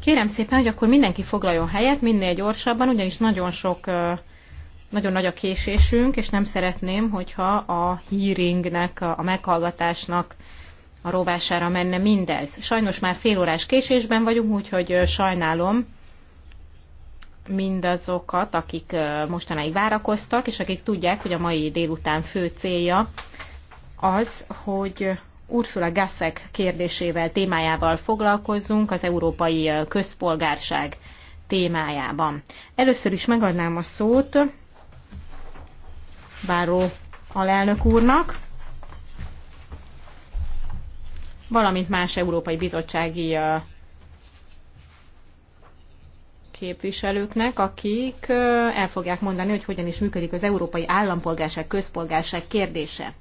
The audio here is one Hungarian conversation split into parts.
Kérem szépen, hogy akkor mindenki foglaljon helyet, minél gyorsabban, ugyanis nagyon sok, nagyon nagy a késésünk, és nem szeretném, hogyha a hearingnek, a meghallgatásnak a rovására menne mindez. Sajnos már fél órás késésben vagyunk, úgyhogy sajnálom mindazokat, akik mostanáig várakoztak, és akik tudják, hogy a mai délután fő célja az, hogy Ursula Gasszek kérdésével, témájával foglalkozzunk az európai közpolgárság témájában. Először is megadnám a szót Báró alelnök úrnak, valamint más európai bizottsági képviselőknek, akik el fogják mondani, hogy hogyan is működik az európai állampolgárság, közpolgárság kérdése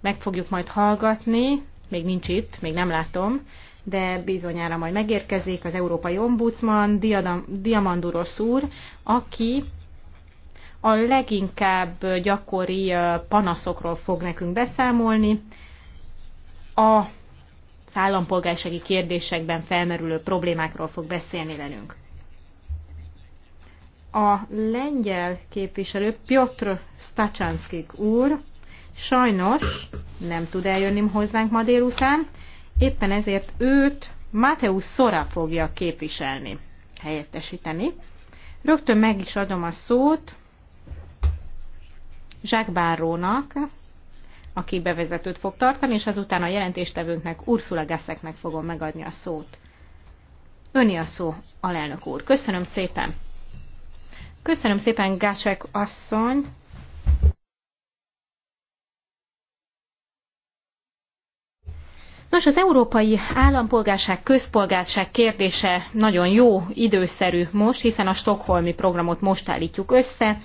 meg fogjuk majd hallgatni, még nincs itt, még nem látom, de bizonyára majd megérkezik az Európai Ombudsman, Diamanduros úr, aki a leginkább gyakori panaszokról fog nekünk beszámolni, a állampolgársági kérdésekben felmerülő problémákról fog beszélni velünk. A lengyel képviselő Piotr Stachanskik úr sajnos nem tud eljönni hozzánk ma délután, éppen ezért őt Mateusz Szora fogja képviselni, helyettesíteni. Rögtön meg is adom a szót Zsák Bárónak, aki bevezetőt fog tartani, és azután a jelentéstevőnknek, Ursula Geszeknek fogom megadni a szót. Öni a szó, alelnök úr. Köszönöm szépen. Köszönöm szépen, Gácsek asszony. Nos, az európai állampolgárság, közpolgárság kérdése nagyon jó, időszerű most, hiszen a Stockholmi programot most állítjuk össze,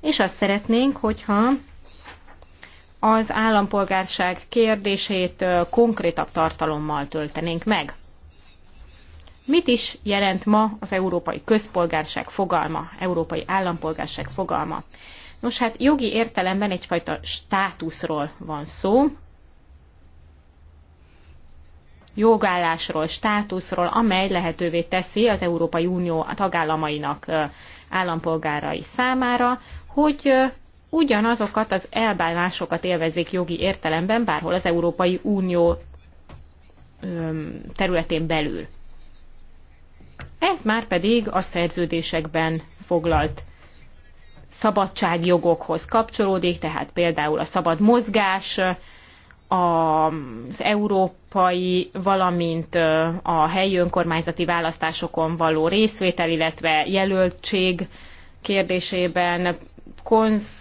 és azt szeretnénk, hogyha az állampolgárság kérdését konkrétabb tartalommal töltenénk meg. Mit is jelent ma az európai közpolgárság fogalma, európai állampolgárság fogalma? Nos, hát jogi értelemben egyfajta státuszról van szó, jogállásról, státuszról, amely lehetővé teszi az Európai Unió tagállamainak állampolgárai számára, hogy ugyanazokat az elbánásokat élvezik jogi értelemben bárhol az Európai Unió területén belül. Ez már pedig a szerződésekben foglalt szabadságjogokhoz kapcsolódik, tehát például a szabad mozgás, az európai, valamint a helyi önkormányzati választásokon való részvétel, illetve jelöltség kérdésében konz,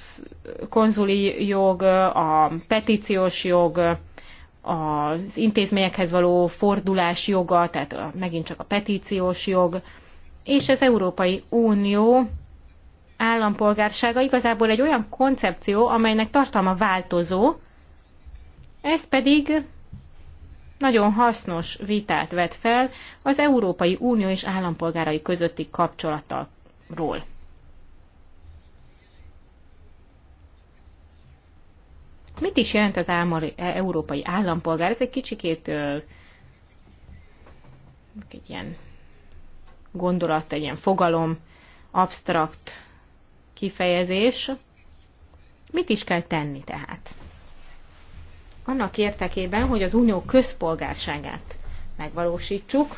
konzuli jog, a petíciós jog, az intézményekhez való fordulás joga, tehát megint csak a petíciós jog, és az Európai Unió állampolgársága igazából egy olyan koncepció, amelynek tartalma változó, ez pedig nagyon hasznos vitát vet fel az Európai Unió és állampolgárai közötti kapcsolatról. Mit is jelent az e- európai állampolgár? Ez egy kicsikét ö, egy ilyen gondolat, egy ilyen fogalom, absztrakt kifejezés. Mit is kell tenni tehát? annak érdekében, hogy az unió közpolgárságát megvalósítsuk.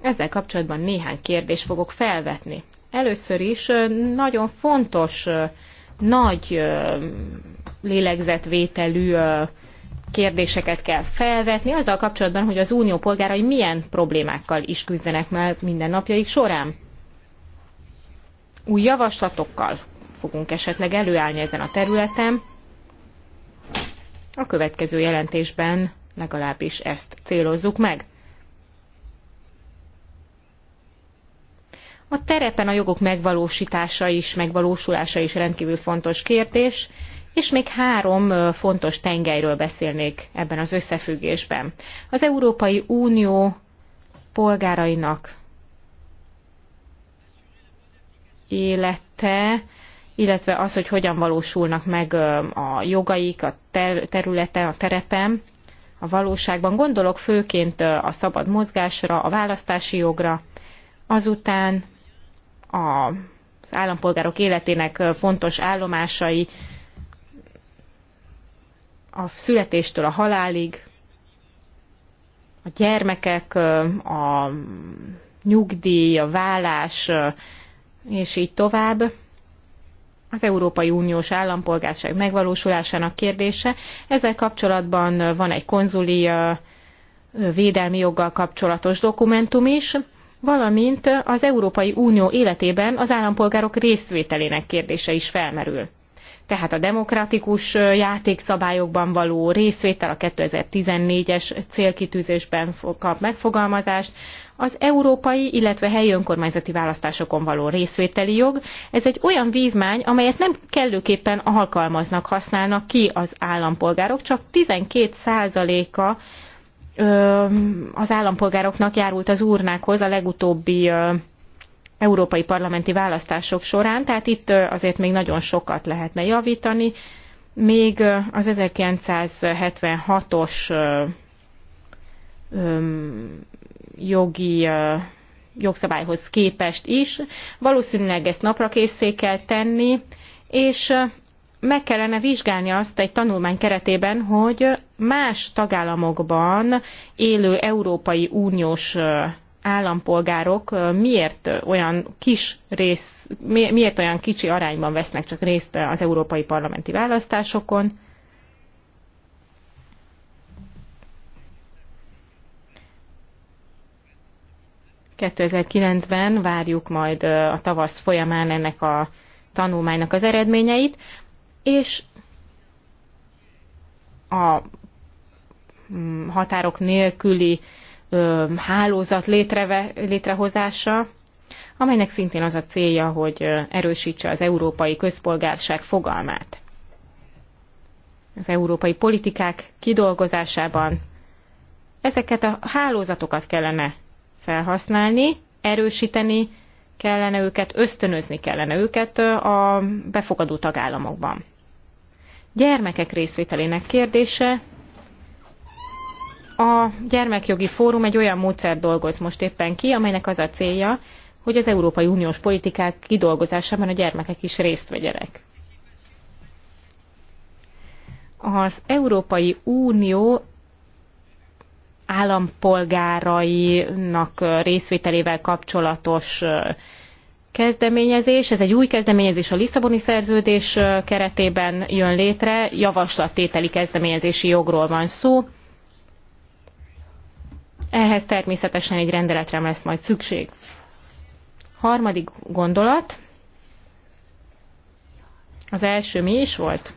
Ezzel kapcsolatban néhány kérdést fogok felvetni. Először is nagyon fontos, nagy lélegzetvételű kérdéseket kell felvetni azzal kapcsolatban, hogy az unió polgárai milyen problémákkal is küzdenek már mindennapjaik során. Új javaslatokkal fogunk esetleg előállni ezen a területen, a következő jelentésben legalábbis ezt célozzuk meg. A terepen a jogok megvalósítása is, megvalósulása is rendkívül fontos kérdés, és még három fontos tengelyről beszélnék ebben az összefüggésben. Az Európai Unió polgárainak élete, illetve az, hogy hogyan valósulnak meg a jogaik a területe, a terepen, a valóságban. Gondolok főként a szabad mozgásra, a választási jogra, azután a az állampolgárok életének fontos állomásai a születéstől a halálig, a gyermekek, a nyugdíj, a vállás, és így tovább az Európai Uniós állampolgárság megvalósulásának kérdése. Ezzel kapcsolatban van egy konzuli védelmi joggal kapcsolatos dokumentum is, valamint az Európai Unió életében az állampolgárok részvételének kérdése is felmerül. Tehát a demokratikus játékszabályokban való részvétel a 2014-es célkitűzésben kap megfogalmazást, az európai, illetve helyi önkormányzati választásokon való részvételi jog. Ez egy olyan vívmány, amelyet nem kellőképpen alkalmaznak, használnak ki az állampolgárok, csak 12%-a az állampolgároknak járult az urnákhoz a legutóbbi európai parlamenti választások során, tehát itt azért még nagyon sokat lehetne javítani. Még az 1976-os jogi jogszabályhoz képest is. Valószínűleg ezt napra készé kell tenni, és meg kellene vizsgálni azt egy tanulmány keretében, hogy más tagállamokban élő Európai Uniós állampolgárok miért olyan kis rész, miért olyan kicsi arányban vesznek csak részt az európai parlamenti választásokon, 2009-ben várjuk majd a tavasz folyamán ennek a tanulmánynak az eredményeit, és a mm, határok nélküli hálózat létreve, létrehozása, amelynek szintén az a célja, hogy erősítse az európai közpolgárság fogalmát. Az európai politikák kidolgozásában ezeket a hálózatokat kellene felhasználni, erősíteni kellene őket, ösztönözni kellene őket a befogadó tagállamokban. Gyermekek részvételének kérdése. A Gyermekjogi Fórum egy olyan módszer dolgoz most éppen ki, amelynek az a célja, hogy az Európai Uniós politikák kidolgozásában a gyermekek is részt vegyenek. Az Európai Unió állampolgárainak részvételével kapcsolatos kezdeményezés. Ez egy új kezdeményezés a Lisszaboni szerződés keretében jön létre, javaslattételi kezdeményezési jogról van szó. Ehhez természetesen egy rendeletre lesz majd szükség. Harmadik gondolat. Az első mi is volt?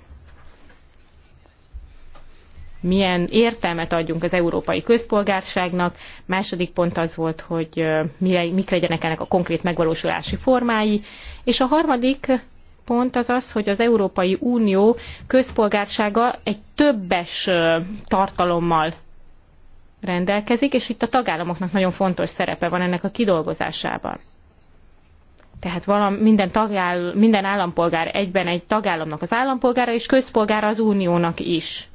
milyen értelmet adjunk az európai közpolgárságnak. Második pont az volt, hogy mik legyenek ennek a konkrét megvalósulási formái. És a harmadik pont az az, hogy az Európai Unió közpolgársága egy többes tartalommal rendelkezik, és itt a tagállamoknak nagyon fontos szerepe van ennek a kidolgozásában. Tehát valam, minden, tagáll, minden állampolgár egyben egy tagállamnak az állampolgára, és közpolgára az uniónak is.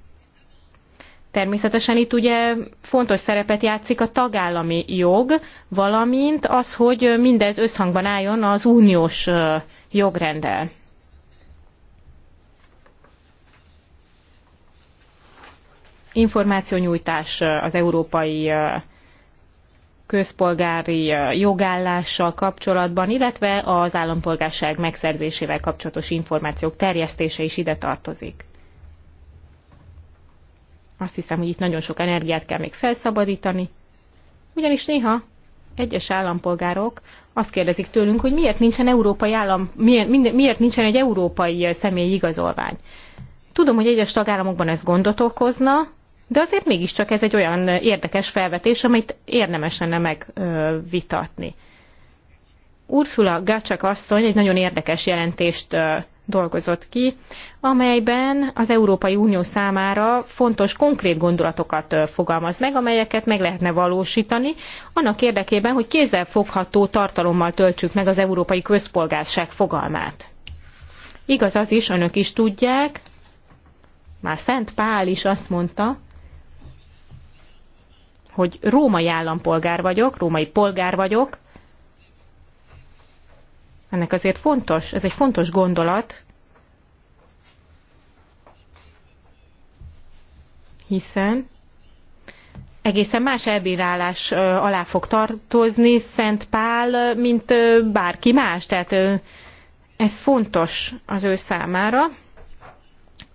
Természetesen itt ugye fontos szerepet játszik a tagállami jog, valamint az, hogy mindez összhangban álljon az uniós jogrendel. Információnyújtás az európai közpolgári jogállással kapcsolatban, illetve az állampolgárság megszerzésével kapcsolatos információk terjesztése is ide tartozik. Azt hiszem, hogy itt nagyon sok energiát kell még felszabadítani, ugyanis néha egyes állampolgárok azt kérdezik tőlünk, hogy miért nincsen európai állam, miért, minden, miért nincsen egy európai személyi igazolvány. Tudom, hogy egyes tagállamokban ez gondot okozna, de azért mégiscsak ez egy olyan érdekes felvetés, amit érdemes lenne megvitatni. Ursula Gácsak asszony egy nagyon érdekes jelentést dolgozott ki, amelyben az Európai Unió számára fontos konkrét gondolatokat fogalmaz meg, amelyeket meg lehetne valósítani, annak érdekében, hogy kézzelfogható tartalommal töltsük meg az európai közpolgárság fogalmát. Igaz az is, önök is tudják, már Szent Pál is azt mondta, hogy római állampolgár vagyok, római polgár vagyok, ennek azért fontos, ez egy fontos gondolat, hiszen egészen más elbírálás alá fog tartozni Szent Pál, mint bárki más. Tehát ez fontos az ő számára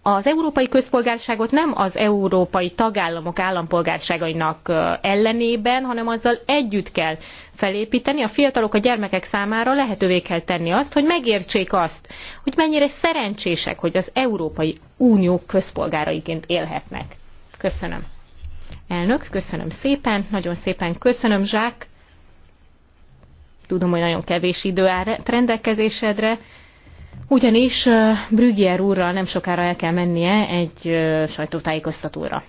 az európai közpolgárságot nem az európai tagállamok állampolgárságainak ellenében, hanem azzal együtt kell felépíteni. A fiatalok, a gyermekek számára lehetővé kell tenni azt, hogy megértsék azt, hogy mennyire szerencsések, hogy az Európai Unió közpolgáraiként élhetnek. Köszönöm. Elnök, köszönöm szépen, nagyon szépen köszönöm, Zsák. Tudom, hogy nagyon kevés idő áll rendelkezésedre, ugyanis Brügger úrral nem sokára el kell mennie egy sajtótájékoztatóra.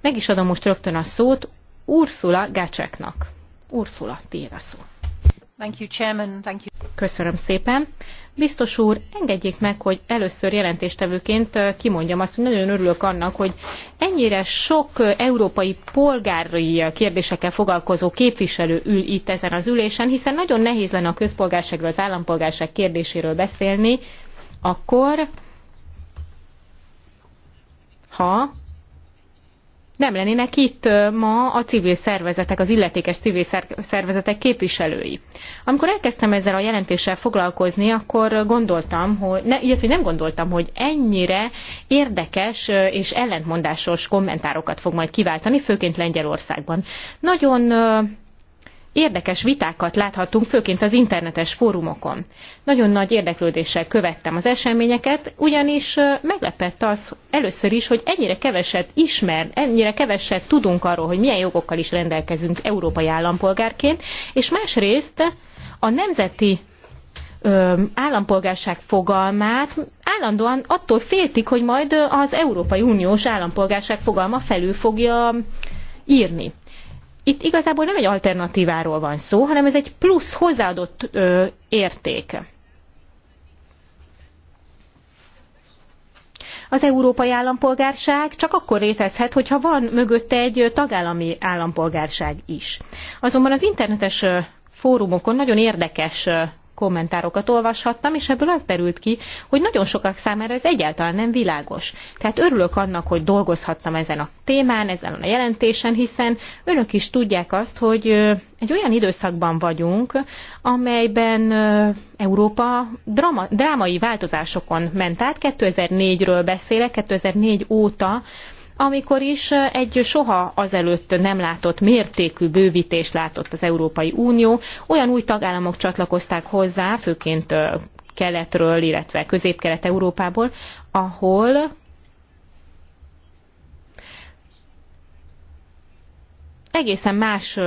Meg is adom most rögtön a szót Ursula Gácseknak. Ursula, tiéd a szó. Köszönöm szépen. Biztos úr, engedjék meg, hogy először jelentéstevőként kimondjam azt, hogy nagyon örülök annak, hogy ennyire sok európai polgári kérdésekkel foglalkozó képviselő ül itt ezen az ülésen, hiszen nagyon nehéz lenne a közpolgárságról, az állampolgárság kérdéséről beszélni, akkor ha nem lennének itt ma a civil szervezetek, az illetékes civil szervezetek képviselői. Amikor elkezdtem ezzel a jelentéssel foglalkozni, akkor gondoltam, hogy, ne, illetve nem gondoltam, hogy ennyire érdekes és ellentmondásos kommentárokat fog majd kiváltani, főként Lengyelországban. Nagyon érdekes vitákat láthattunk, főként az internetes fórumokon. Nagyon nagy érdeklődéssel követtem az eseményeket, ugyanis meglepett az először is, hogy ennyire keveset ismer, ennyire keveset tudunk arról, hogy milyen jogokkal is rendelkezünk európai állampolgárként, és másrészt a nemzeti állampolgárság fogalmát állandóan attól féltik, hogy majd az Európai Uniós állampolgárság fogalma felül fogja írni itt igazából nem egy alternatíváról van szó, hanem ez egy plusz hozzáadott ö, érték. Az európai állampolgárság csak akkor létezhet, hogyha van mögötte egy tagállami állampolgárság is. Azonban az internetes fórumokon nagyon érdekes kommentárokat olvashattam, és ebből az derült ki, hogy nagyon sokak számára ez egyáltalán nem világos. Tehát örülök annak, hogy dolgozhattam ezen a témán, ezen a jelentésen, hiszen önök is tudják azt, hogy egy olyan időszakban vagyunk, amelyben Európa drama, drámai változásokon ment át. 2004-ről beszélek, 2004 óta amikor is egy soha azelőtt nem látott mértékű bővítést látott az Európai Unió. Olyan új tagállamok csatlakozták hozzá, főként keletről, illetve közép-kelet-európából, ahol egészen más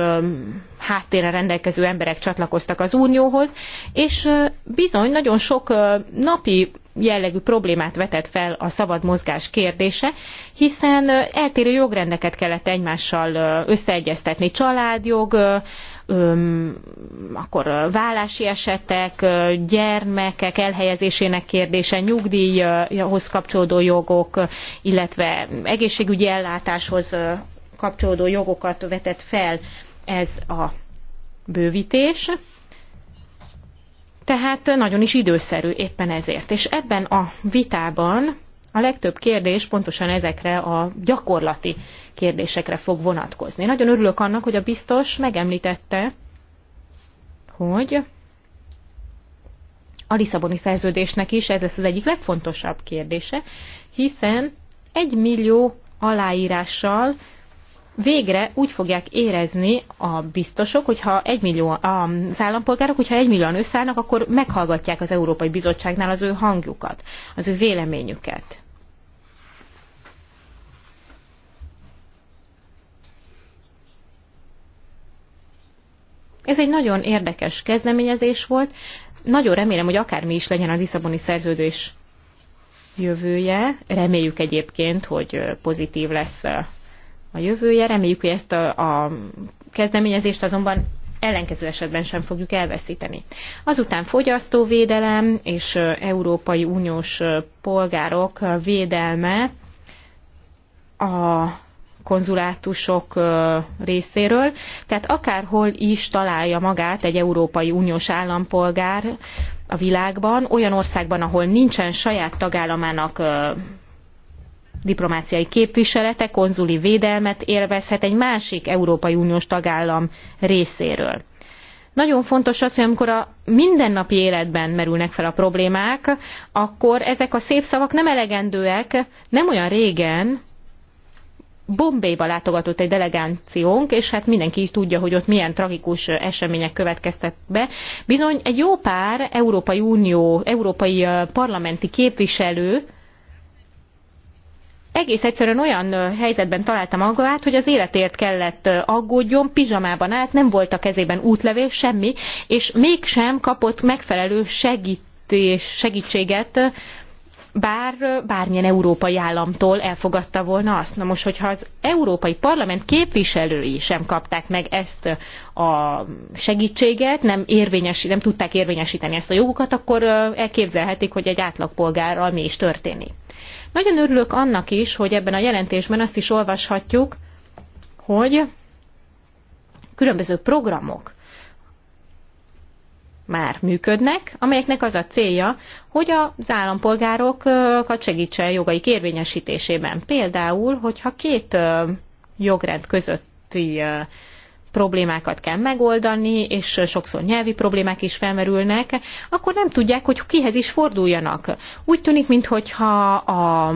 háttérre rendelkező emberek csatlakoztak az unióhoz, és bizony nagyon sok napi jellegű problémát vetett fel a szabad mozgás kérdése, hiszen eltérő jogrendeket kellett egymással összeegyeztetni, családjog, akkor vállási esetek, gyermekek elhelyezésének kérdése, nyugdíjhoz kapcsolódó jogok, illetve egészségügyi ellátáshoz kapcsolódó jogokat vetett fel ez a bővítés. Tehát nagyon is időszerű éppen ezért. És ebben a vitában a legtöbb kérdés pontosan ezekre a gyakorlati kérdésekre fog vonatkozni. Nagyon örülök annak, hogy a biztos megemlítette, hogy a Lisszaboni szerződésnek is ez lesz az egyik legfontosabb kérdése, hiszen egy millió aláírással végre úgy fogják érezni a biztosok, hogyha egymillió, az állampolgárok, hogyha egymillióan összeállnak, akkor meghallgatják az Európai Bizottságnál az ő hangjukat, az ő véleményüket. Ez egy nagyon érdekes kezdeményezés volt. Nagyon remélem, hogy akármi is legyen a Lisszaboni szerződés jövője. Reméljük egyébként, hogy pozitív lesz a jövője. Reméljük, hogy ezt a, a kezdeményezést azonban ellenkező esetben sem fogjuk elveszíteni. Azután fogyasztóvédelem és Európai Uniós polgárok védelme a konzulátusok részéről, tehát akárhol is találja magát egy Európai Uniós állampolgár a világban, olyan országban, ahol nincsen saját tagállamának diplomáciai képviselete, konzuli védelmet élvezhet egy másik Európai Uniós tagállam részéről. Nagyon fontos az, hogy amikor a mindennapi életben merülnek fel a problémák, akkor ezek a szép szavak nem elegendőek. Nem olyan régen Bombéba látogatott egy delegációnk, és hát mindenki is tudja, hogy ott milyen tragikus események következtek be. Bizony egy jó pár Európai Unió, Európai Parlamenti képviselő egész egyszerűen olyan helyzetben találta magát, hogy az életért kellett aggódjon, pizsamában állt, nem volt a kezében útlevél, semmi, és mégsem kapott megfelelő segítés, segítséget, bár bármilyen európai államtól elfogadta volna azt. Na most, hogyha az Európai Parlament képviselői sem kapták meg ezt a segítséget, nem, érvényes, nem tudták érvényesíteni ezt a jogukat, akkor elképzelhetik, hogy egy átlagpolgárral mi is történik. Nagyon örülök annak is, hogy ebben a jelentésben azt is olvashatjuk, hogy különböző programok már működnek, amelyeknek az a célja, hogy az állampolgárokat segítse jogaik érvényesítésében. Például, hogyha két jogrend közötti problémákat kell megoldani, és sokszor nyelvi problémák is felmerülnek, akkor nem tudják, hogy kihez is forduljanak. Úgy tűnik, mintha a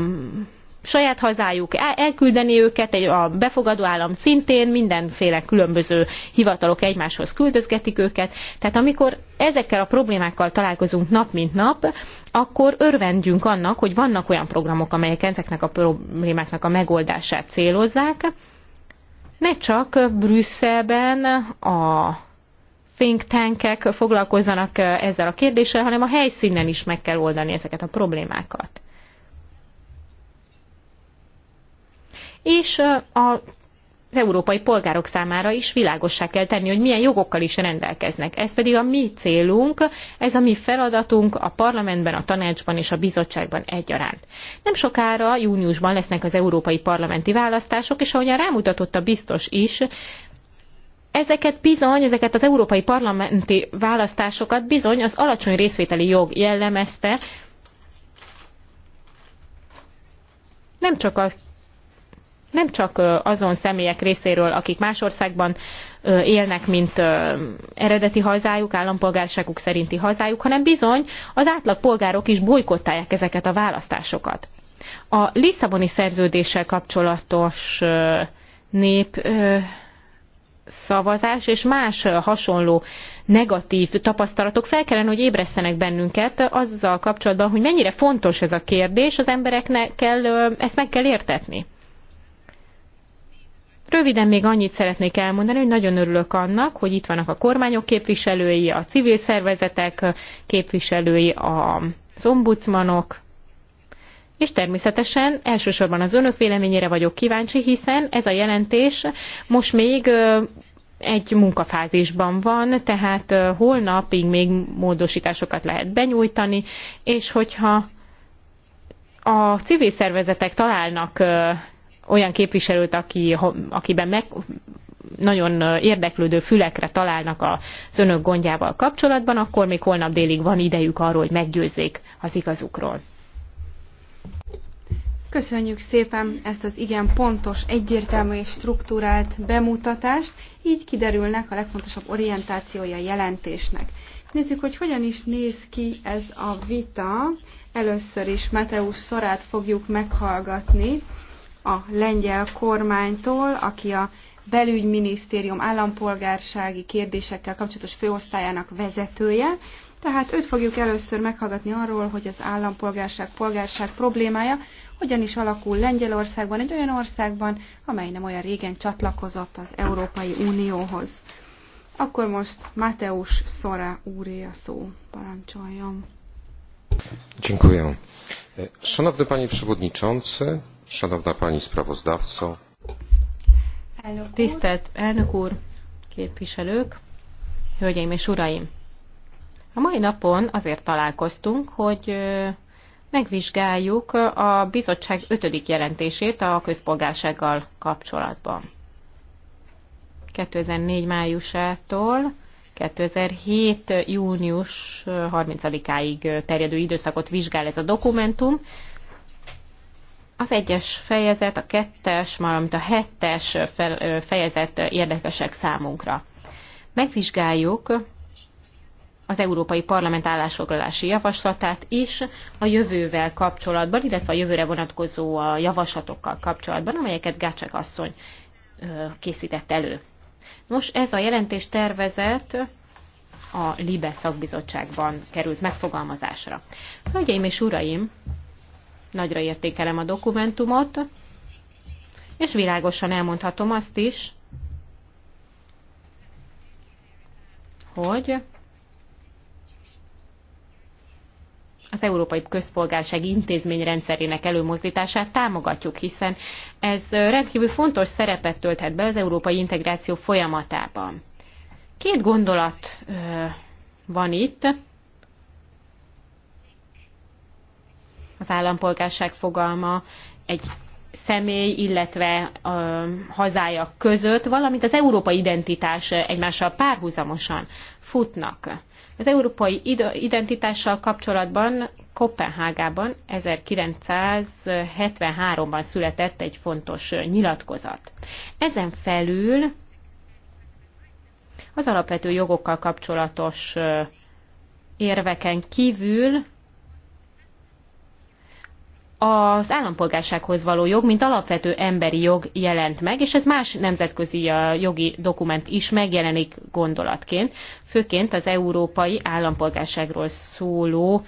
saját hazájuk elküldeni őket, egy, a befogadó állam szintén mindenféle különböző hivatalok egymáshoz küldözgetik őket. Tehát amikor ezekkel a problémákkal találkozunk nap mint nap, akkor örvendjünk annak, hogy vannak olyan programok, amelyek ezeknek a problémáknak a megoldását célozzák, ne csak Brüsszelben a think tankek foglalkozzanak eh, ezzel a kérdéssel, hanem a helyszínen is meg kell oldani ezeket a problémákat. És eh, a az európai polgárok számára is világossá kell tenni, hogy milyen jogokkal is rendelkeznek. Ez pedig a mi célunk, ez a mi feladatunk a parlamentben, a tanácsban és a bizottságban egyaránt. Nem sokára júniusban lesznek az európai parlamenti választások, és ahogyan rámutatott a biztos is, ezeket bizony, ezeket az európai parlamenti választásokat bizony az alacsony részvételi jog jellemezte, nem csak a nem csak azon személyek részéről, akik más országban élnek, mint eredeti hazájuk, állampolgárságuk szerinti hazájuk, hanem bizony az átlag polgárok is bolykottálják ezeket a választásokat. A Lisszaboni szerződéssel kapcsolatos nép szavazás és más hasonló negatív tapasztalatok fel kellene, hogy ébresztenek bennünket azzal kapcsolatban, hogy mennyire fontos ez a kérdés, az embereknek kell, ezt meg kell értetni. Röviden még annyit szeretnék elmondani, hogy nagyon örülök annak, hogy itt vannak a kormányok képviselői, a civil szervezetek képviselői, az ombudsmanok, és természetesen elsősorban az önök véleményére vagyok kíváncsi, hiszen ez a jelentés most még egy munkafázisban van, tehát holnapig még módosításokat lehet benyújtani, és hogyha a civil szervezetek találnak olyan képviselőt, aki, akiben meg, nagyon érdeklődő fülekre találnak az önök gondjával kapcsolatban, akkor még holnap délig van idejük arról, hogy meggyőzzék az igazukról. Köszönjük szépen ezt az igen pontos, egyértelmű és struktúrált bemutatást, így kiderülnek a legfontosabb orientációja a jelentésnek. Nézzük, hogy hogyan is néz ki ez a vita. Először is Mateusz Szorát fogjuk meghallgatni, a lengyel kormánytól, aki a belügyminisztérium állampolgársági kérdésekkel kapcsolatos főosztályának vezetője. Tehát őt fogjuk először meghallgatni arról, hogy az állampolgárság, polgárság problémája hogyan is alakul Lengyelországban, egy olyan országban, amely nem olyan régen csatlakozott az Európai Unióhoz. Akkor most Mateusz Szora úré a szó. Parancsoljon. Dziękuję. Szanowny Panie Przewodniczący, Szanowna Pani Sprawozdawco. Tisztelt elnök úr, képviselők, hölgyeim és uraim! A mai napon azért találkoztunk, hogy megvizsgáljuk a bizottság ötödik jelentését a közpolgársággal kapcsolatban. 2004 májusától 2007. június 30-áig terjedő időszakot vizsgál ez a dokumentum, az egyes fejezet, a kettes, valamint a hetes fejezet érdekesek számunkra. Megvizsgáljuk az Európai Parlament állásfoglalási javaslatát is a jövővel kapcsolatban, illetve a jövőre vonatkozó a javaslatokkal kapcsolatban, amelyeket Gácsek asszony készített elő. Nos, ez a jelentés tervezet a LIBE szakbizottságban került megfogalmazásra. Hölgyeim és uraim, Nagyra értékelem a dokumentumot, és világosan elmondhatom azt is, hogy az Európai Közpolgárság intézményrendszerének előmozdítását támogatjuk, hiszen ez rendkívül fontos szerepet tölthet be az európai integráció folyamatában. Két gondolat van itt, az állampolgárság fogalma egy személy, illetve a hazája között, valamint az európai identitás egymással párhuzamosan futnak. Az európai identitással kapcsolatban Kopenhágában 1973-ban született egy fontos nyilatkozat. Ezen felül az alapvető jogokkal kapcsolatos érveken kívül az állampolgársághoz való jog, mint alapvető emberi jog jelent meg, és ez más nemzetközi jogi dokument is megjelenik gondolatként, főként az európai állampolgárságról szóló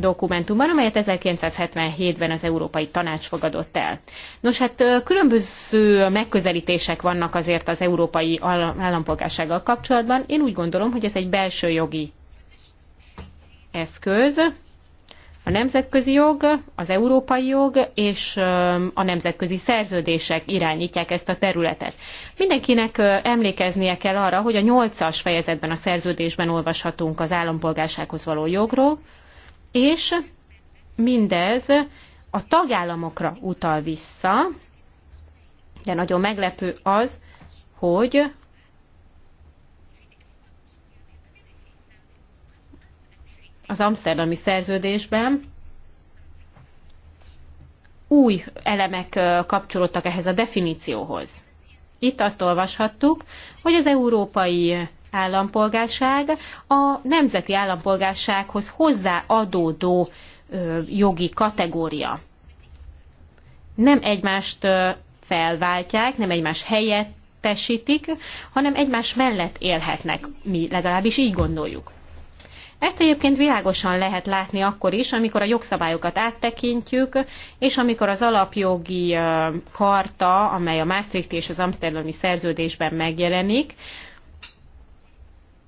dokumentumban, amelyet 1977-ben az Európai Tanács fogadott el. Nos, hát különböző megközelítések vannak azért az európai állampolgársággal kapcsolatban. Én úgy gondolom, hogy ez egy belső jogi eszköz, a nemzetközi jog, az európai jog és a nemzetközi szerződések irányítják ezt a területet. Mindenkinek emlékeznie kell arra, hogy a nyolcas fejezetben a szerződésben olvashatunk az állampolgársághoz való jogról, és mindez a tagállamokra utal vissza, de nagyon meglepő az, hogy az Amsterdami szerződésben új elemek kapcsolódtak ehhez a definícióhoz. Itt azt olvashattuk, hogy az európai állampolgárság a nemzeti állampolgársághoz hozzáadódó jogi kategória. Nem egymást felváltják, nem egymás helyettesítik, hanem egymás mellett élhetnek, mi legalábbis így gondoljuk. Ezt egyébként világosan lehet látni akkor is, amikor a jogszabályokat áttekintjük, és amikor az alapjogi karta, amely a Maastricht és az Amsterdami szerződésben megjelenik,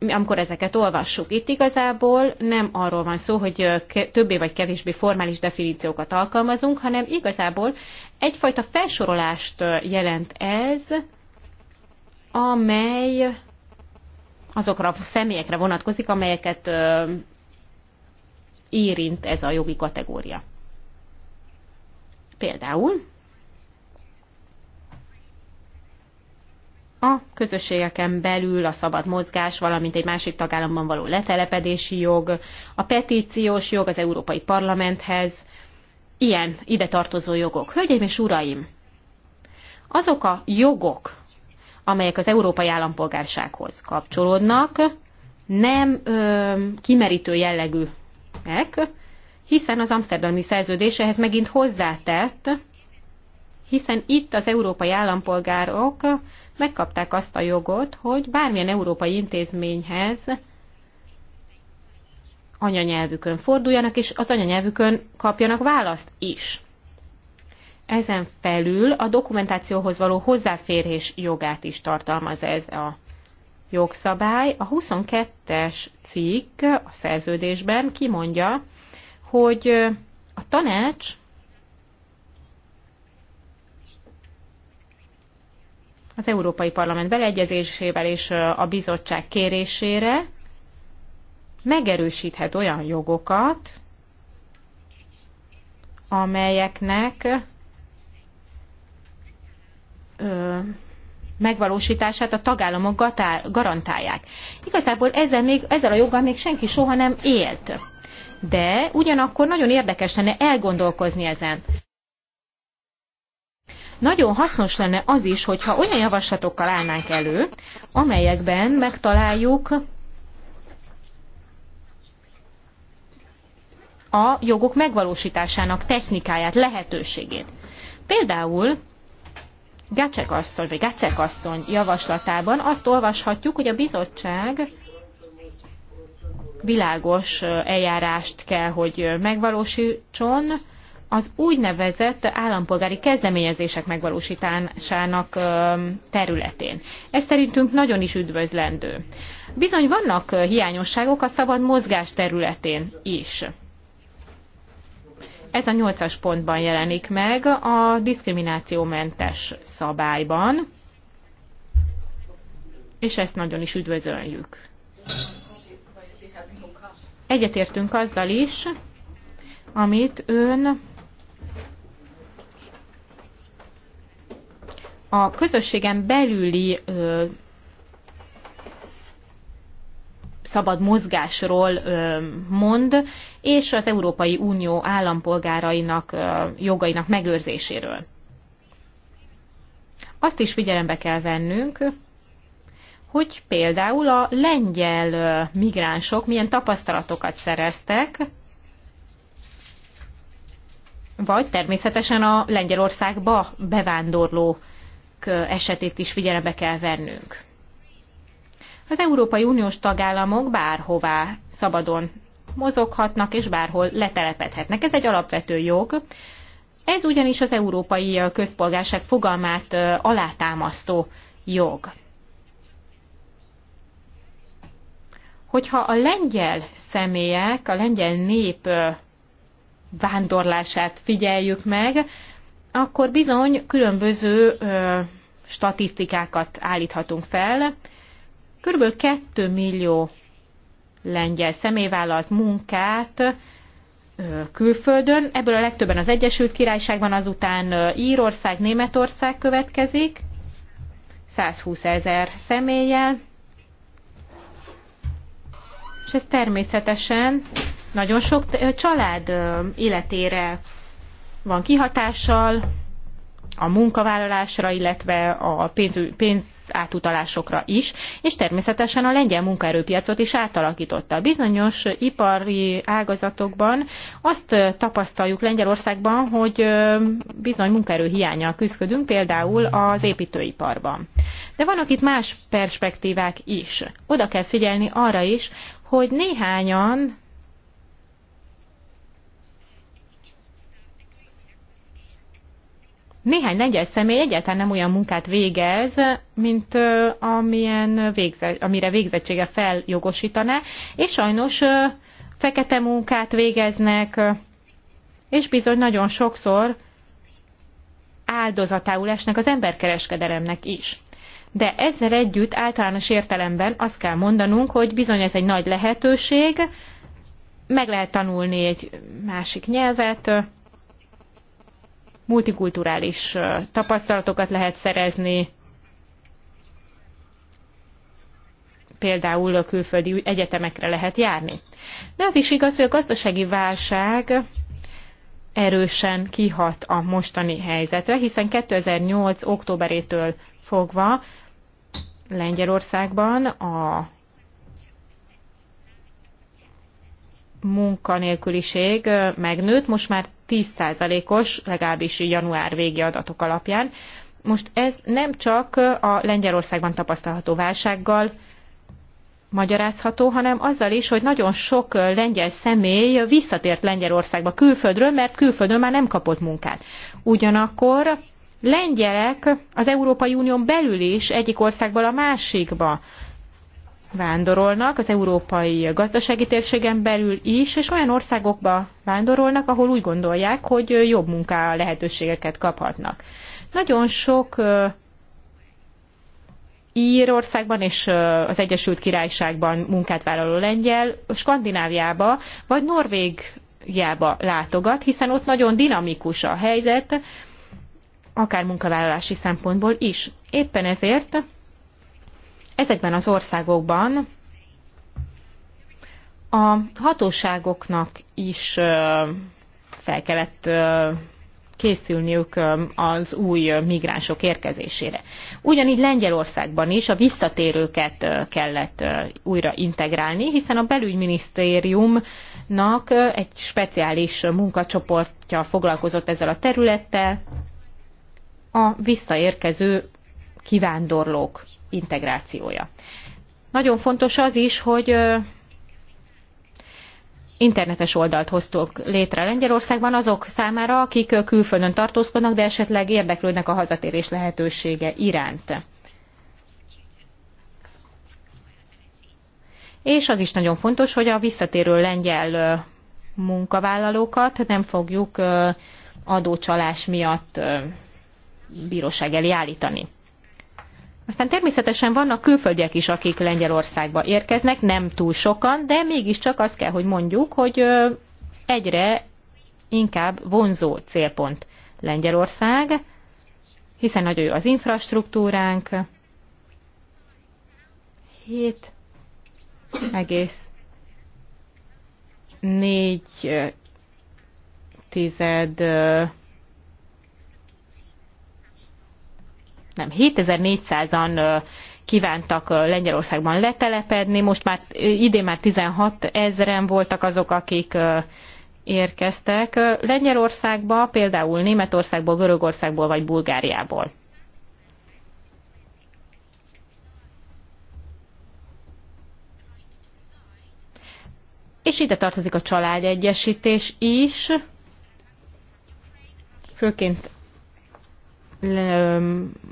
amikor ezeket olvassuk. Itt igazából nem arról van szó, hogy többé vagy kevésbé formális definíciókat alkalmazunk, hanem igazából egyfajta felsorolást jelent ez, amely azokra a személyekre vonatkozik, amelyeket érint ez a jogi kategória. Például a közösségeken belül a szabad mozgás, valamint egy másik tagállamban való letelepedési jog, a petíciós jog az Európai Parlamenthez, ilyen ide tartozó jogok. Hölgyeim és uraim, azok a jogok, amelyek az európai állampolgársághoz kapcsolódnak, nem ö, kimerítő jellegűek, hiszen az Amsterdami szerződés ehhez megint hozzátett, hiszen itt az európai állampolgárok megkapták azt a jogot, hogy bármilyen európai intézményhez anyanyelvükön forduljanak, és az anyanyelvükön kapjanak választ is. Ezen felül a dokumentációhoz való hozzáférés jogát is tartalmaz ez a jogszabály. A 22-es cikk a szerződésben kimondja, hogy a tanács az Európai Parlament beleegyezésével és a bizottság kérésére megerősíthet olyan jogokat, amelyeknek megvalósítását a tagállamok garantálják. Igazából ezzel, még, ezzel a joggal még senki soha nem élt. De ugyanakkor nagyon érdekes lenne elgondolkozni ezen. Nagyon hasznos lenne az is, hogyha olyan javaslatokkal állnánk elő, amelyekben megtaláljuk a jogok megvalósításának technikáját, lehetőségét. Például Gacek asszony, vagy Gacek asszony javaslatában azt olvashatjuk, hogy a bizottság világos eljárást kell, hogy megvalósítson az úgynevezett állampolgári kezdeményezések megvalósításának területén. Ez szerintünk nagyon is üdvözlendő. Bizony vannak hiányosságok a szabad mozgás területén is. Ez a nyolcas pontban jelenik meg a diszkriminációmentes szabályban, és ezt nagyon is üdvözöljük. Egyetértünk azzal is, amit ön a közösségen belüli szabad mozgásról mond, és az Európai Unió állampolgárainak jogainak megőrzéséről. Azt is figyelembe kell vennünk, hogy például a lengyel migránsok milyen tapasztalatokat szereztek, vagy természetesen a Lengyelországba bevándorlók esetét is figyelembe kell vennünk. Az Európai Uniós tagállamok bárhová szabadon mozoghatnak és bárhol letelepedhetnek. Ez egy alapvető jog. Ez ugyanis az európai közpolgárság fogalmát alátámasztó jog. Hogyha a lengyel személyek, a lengyel nép vándorlását figyeljük meg, akkor bizony különböző statisztikákat állíthatunk fel. Körülbelül 2 millió lengyel személyvállalt munkát külföldön, ebből a legtöbben az Egyesült Királyságban, azután Írország, Németország következik, 120 ezer személlyel, és ez természetesen nagyon sok család életére van kihatással, a munkavállalásra, illetve a pénz, pénz átutalásokra is, és természetesen a lengyel munkaerőpiacot is átalakította. Bizonyos ipari ágazatokban azt tapasztaljuk Lengyelországban, hogy bizony munkaerő hiányjal küzdködünk, például az építőiparban. De vannak itt más perspektívák is. Oda kell figyelni arra is, hogy néhányan néhány lengyel személy egyáltalán nem olyan munkát végez, mint amilyen végze, amire végzettsége feljogosítaná, és sajnos fekete munkát végeznek, és bizony nagyon sokszor áldozatául esnek az emberkereskedelemnek is. De ezzel együtt általános értelemben azt kell mondanunk, hogy bizony ez egy nagy lehetőség, meg lehet tanulni egy másik nyelvet, multikulturális tapasztalatokat lehet szerezni, például a külföldi egyetemekre lehet járni. De az is igaz, hogy a gazdasági válság erősen kihat a mostani helyzetre, hiszen 2008. októberétől fogva Lengyelországban a munkanélküliség megnőtt, most már 10%-os, legalábbis január végi adatok alapján. Most ez nem csak a Lengyelországban tapasztalható válsággal magyarázható, hanem azzal is, hogy nagyon sok lengyel személy visszatért Lengyelországba külföldről, mert külföldön már nem kapott munkát. Ugyanakkor lengyelek az Európai Unión belül is egyik országból a másikba vándorolnak az európai gazdasági térségen belül is, és olyan országokba vándorolnak, ahol úgy gondolják, hogy jobb munká lehetőségeket kaphatnak. Nagyon sok Írországban és az Egyesült Királyságban munkát vállaló lengyel Skandináviába vagy Norvégiába látogat, hiszen ott nagyon dinamikus a helyzet, akár munkavállalási szempontból is. Éppen ezért Ezekben az országokban a hatóságoknak is fel kellett készülniük az új migránsok érkezésére. Ugyanígy Lengyelországban is a visszatérőket kellett újra integrálni, hiszen a belügyminisztériumnak egy speciális munkacsoportja foglalkozott ezzel a területtel, a visszaérkező kivándorlók integrációja. Nagyon fontos az is, hogy internetes oldalt hoztunk létre Lengyelországban azok számára, akik külföldön tartózkodnak, de esetleg érdeklődnek a hazatérés lehetősége iránt. És az is nagyon fontos, hogy a visszatérő lengyel munkavállalókat nem fogjuk adócsalás miatt bíróság elé állítani. Aztán természetesen vannak külföldiek is, akik Lengyelországba érkeznek, nem túl sokan, de mégiscsak azt kell, hogy mondjuk, hogy egyre inkább vonzó célpont Lengyelország, hiszen nagyon jó az infrastruktúránk. 7 egész 4 tized nem, 7400-an kívántak Lengyelországban letelepedni, most már idén már 16 ezeren voltak azok, akik érkeztek Lengyelországba, például Németországból, Görögországból vagy Bulgáriából. És ide tartozik a családegyesítés is, főként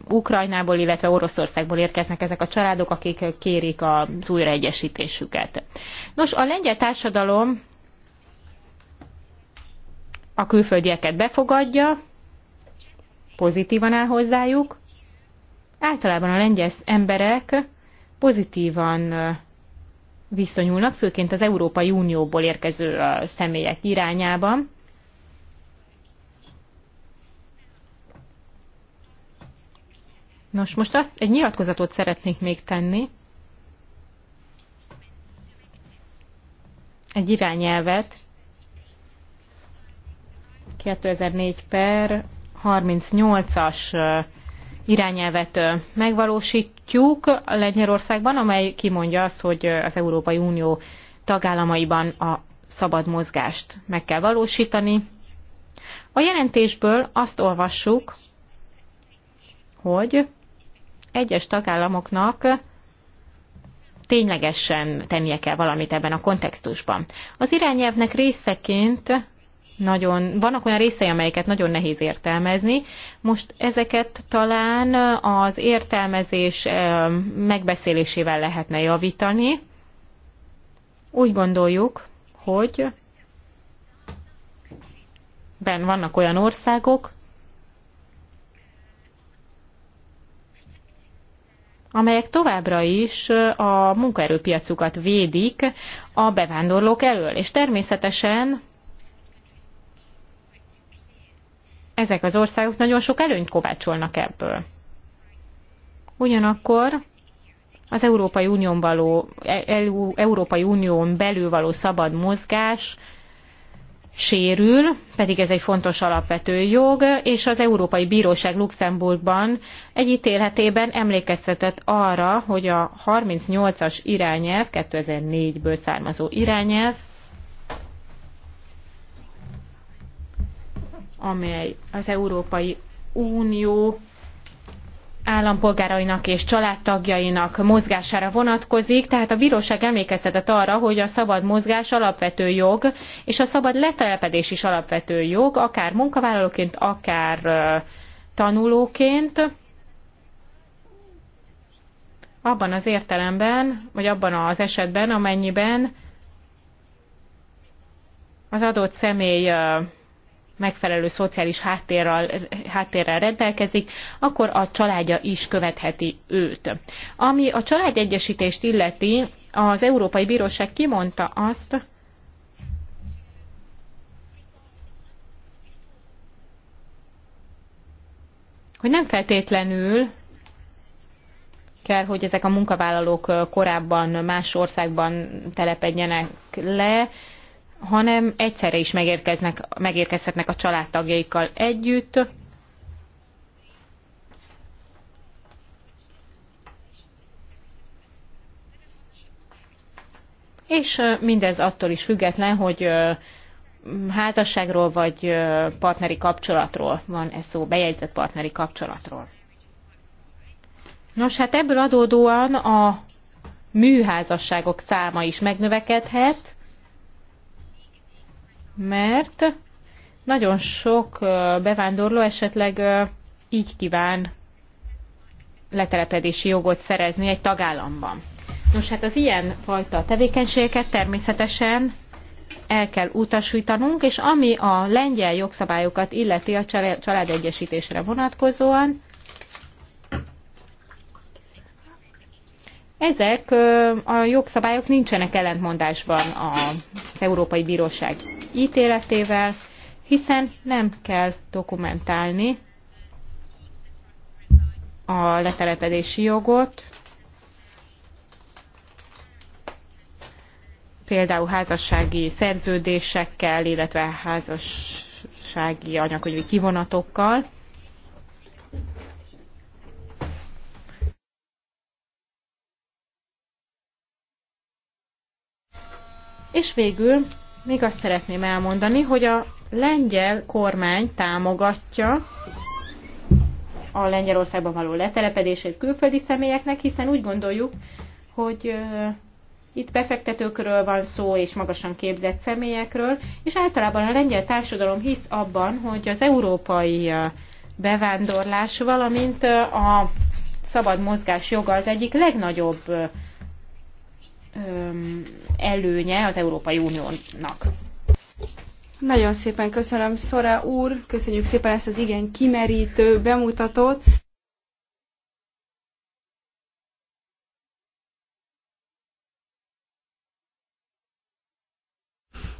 Ukrajnából, illetve Oroszországból érkeznek ezek a családok, akik kérik az újraegyesítésüket. Nos, a lengyel társadalom a külföldieket befogadja, pozitívan áll hozzájuk. Általában a lengyel emberek pozitívan viszonyulnak, főként az Európai Unióból érkező személyek irányában. Nos, most azt, egy nyilatkozatot szeretnék még tenni. Egy irányelvet. 2004 per 38-as irányelvet megvalósítjuk Lengyelországban, amely kimondja azt, hogy az Európai Unió tagállamaiban a szabad mozgást meg kell valósítani. A jelentésből azt olvassuk, hogy egyes tagállamoknak ténylegesen tennie kell valamit ebben a kontextusban. Az irányelvnek részeként nagyon, vannak olyan részei, amelyeket nagyon nehéz értelmezni. Most ezeket talán az értelmezés megbeszélésével lehetne javítani. Úgy gondoljuk, hogy ben vannak olyan országok, amelyek továbbra is a munkaerőpiacukat védik a bevándorlók elől. És természetesen ezek az országok nagyon sok előnyt kovácsolnak ebből. Ugyanakkor az Európai Unión, való, e, e, Európai Unión belül való szabad mozgás sérül, pedig ez egy fontos alapvető jog, és az Európai Bíróság Luxemburgban egy ítéletében emlékeztetett arra, hogy a 38-as irányelv, 2004-ből származó irányelv, amely az Európai Unió állampolgárainak és családtagjainak mozgására vonatkozik, tehát a bíróság emlékeztetett arra, hogy a szabad mozgás alapvető jog, és a szabad letelepedés is alapvető jog, akár munkavállalóként, akár tanulóként, abban az értelemben, vagy abban az esetben, amennyiben az adott személy megfelelő szociális háttérrel, háttérrel rendelkezik, akkor a családja is követheti őt. Ami a családegyesítést illeti, az Európai Bíróság kimondta azt, hogy nem feltétlenül kell, hogy ezek a munkavállalók korábban más országban telepedjenek le, hanem egyszerre is megérkeznek, megérkezhetnek a családtagjaikkal együtt. És mindez attól is független, hogy házasságról vagy partneri kapcsolatról van ez szó, bejegyzett partneri kapcsolatról. Nos, hát ebből adódóan a műházasságok száma is megnövekedhet, mert nagyon sok bevándorló esetleg így kíván letelepedési jogot szerezni egy tagállamban. Nos, hát az ilyen fajta tevékenységeket természetesen el kell utasítanunk, és ami a lengyel jogszabályokat illeti a családegyesítésre vonatkozóan, Ezek a jogszabályok nincsenek ellentmondásban az Európai Bíróság ítéletével, hiszen nem kell dokumentálni a letelepedési jogot, például házassági szerződésekkel, illetve házassági anyakönyvi kivonatokkal. És végül még azt szeretném elmondani, hogy a lengyel kormány támogatja a Lengyelországban való letelepedését külföldi személyeknek, hiszen úgy gondoljuk, hogy itt befektetőkről van szó, és magasan képzett személyekről, és általában a lengyel társadalom hisz abban, hogy az európai bevándorlás, valamint a szabad mozgás joga az egyik legnagyobb előnye az Európai Uniónak. Nagyon szépen köszönöm, Szora úr, köszönjük szépen ezt az igen kimerítő bemutatót.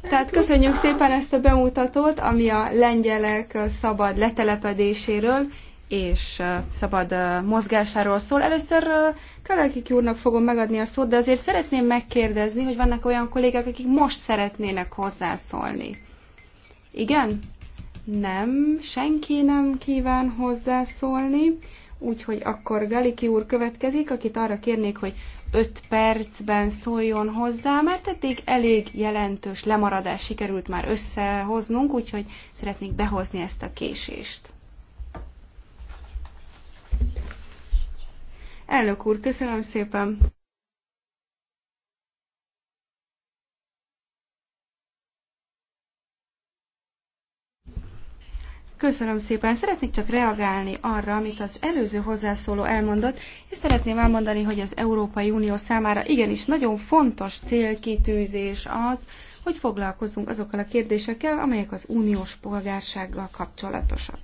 Tehát köszönjük szépen ezt a bemutatót, ami a lengyelek szabad letelepedéséről és szabad mozgásáról szól. Először Kalekik úrnak fogom megadni a szót, de azért szeretném megkérdezni, hogy vannak olyan kollégák, akik most szeretnének hozzászólni. Igen? Nem, senki nem kíván hozzászólni, úgyhogy akkor Galiki úr következik, akit arra kérnék, hogy 5 percben szóljon hozzá, mert eddig elég jelentős lemaradás sikerült már összehoznunk, úgyhogy szeretnék behozni ezt a késést. Elnök úr, köszönöm szépen! Köszönöm szépen. Szeretnék csak reagálni arra, amit az előző hozzászóló elmondott, és szeretném elmondani, hogy az Európai Unió számára igenis nagyon fontos célkitűzés az, hogy foglalkozzunk azokkal a kérdésekkel, amelyek az uniós polgársággal kapcsolatosak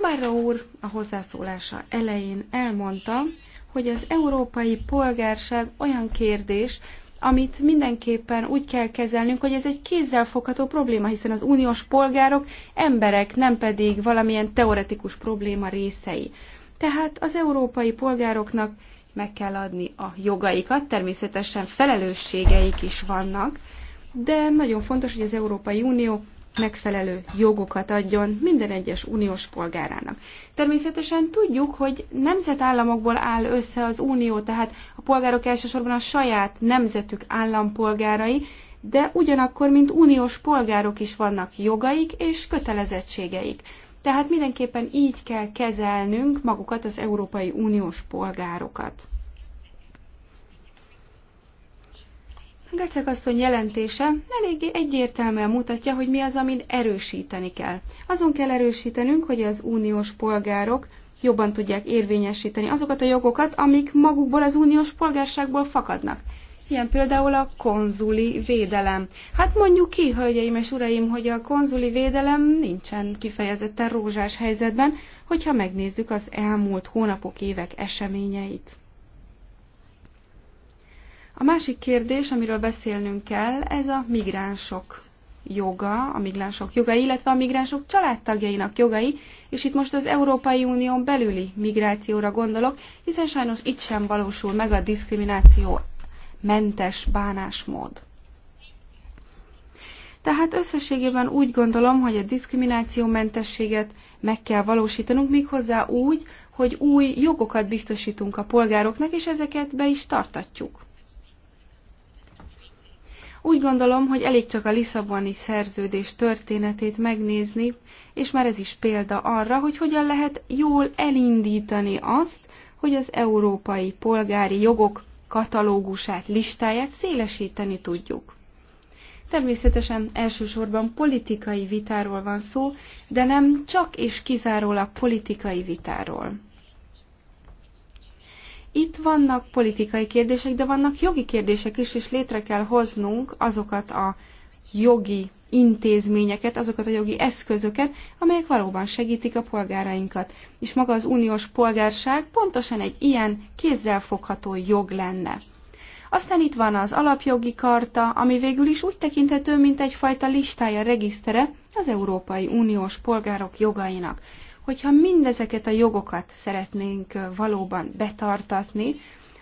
a úr a hozzászólása elején elmondta, hogy az európai polgárság olyan kérdés, amit mindenképpen úgy kell kezelnünk, hogy ez egy kézzelfogható probléma, hiszen az uniós polgárok emberek, nem pedig valamilyen teoretikus probléma részei. Tehát az európai polgároknak meg kell adni a jogaikat, természetesen felelősségeik is vannak, de nagyon fontos, hogy az Európai Unió megfelelő jogokat adjon minden egyes uniós polgárának. Természetesen tudjuk, hogy nemzetállamokból áll össze az unió, tehát a polgárok elsősorban a saját nemzetük állampolgárai, de ugyanakkor, mint uniós polgárok is vannak jogaik és kötelezettségeik. Tehát mindenképpen így kell kezelnünk magukat az Európai Uniós polgárokat. Gecek asszony jelentése eléggé egyértelműen mutatja, hogy mi az, amin erősíteni kell. Azon kell erősítenünk, hogy az uniós polgárok jobban tudják érvényesíteni azokat a jogokat, amik magukból az uniós polgárságból fakadnak. Ilyen például a konzuli védelem. Hát mondjuk ki, hölgyeim és uraim, hogy a konzuli védelem nincsen kifejezetten rózsás helyzetben, hogyha megnézzük az elmúlt hónapok, évek eseményeit. A másik kérdés, amiről beszélnünk kell, ez a migránsok joga, a migránsok jogai, illetve a migránsok családtagjainak jogai, és itt most az Európai Unión belüli migrációra gondolok, hiszen sajnos itt sem valósul meg a diszkrimináció mentes bánásmód. Tehát összességében úgy gondolom, hogy a mentességet meg kell valósítanunk méghozzá úgy, hogy új jogokat biztosítunk a polgároknak, és ezeket be is tartatjuk. Úgy gondolom, hogy elég csak a Lisszaboni szerződés történetét megnézni, és már ez is példa arra, hogy hogyan lehet jól elindítani azt, hogy az európai polgári jogok katalógusát, listáját szélesíteni tudjuk. Természetesen elsősorban politikai vitáról van szó, de nem csak és kizárólag politikai vitáról. Itt vannak politikai kérdések, de vannak jogi kérdések is, és létre kell hoznunk azokat a jogi intézményeket, azokat a jogi eszközöket, amelyek valóban segítik a polgárainkat. És maga az uniós polgárság pontosan egy ilyen kézzelfogható jog lenne. Aztán itt van az alapjogi karta, ami végül is úgy tekinthető, mint egyfajta listája, regisztere az Európai Uniós polgárok jogainak hogyha mindezeket a jogokat szeretnénk valóban betartatni,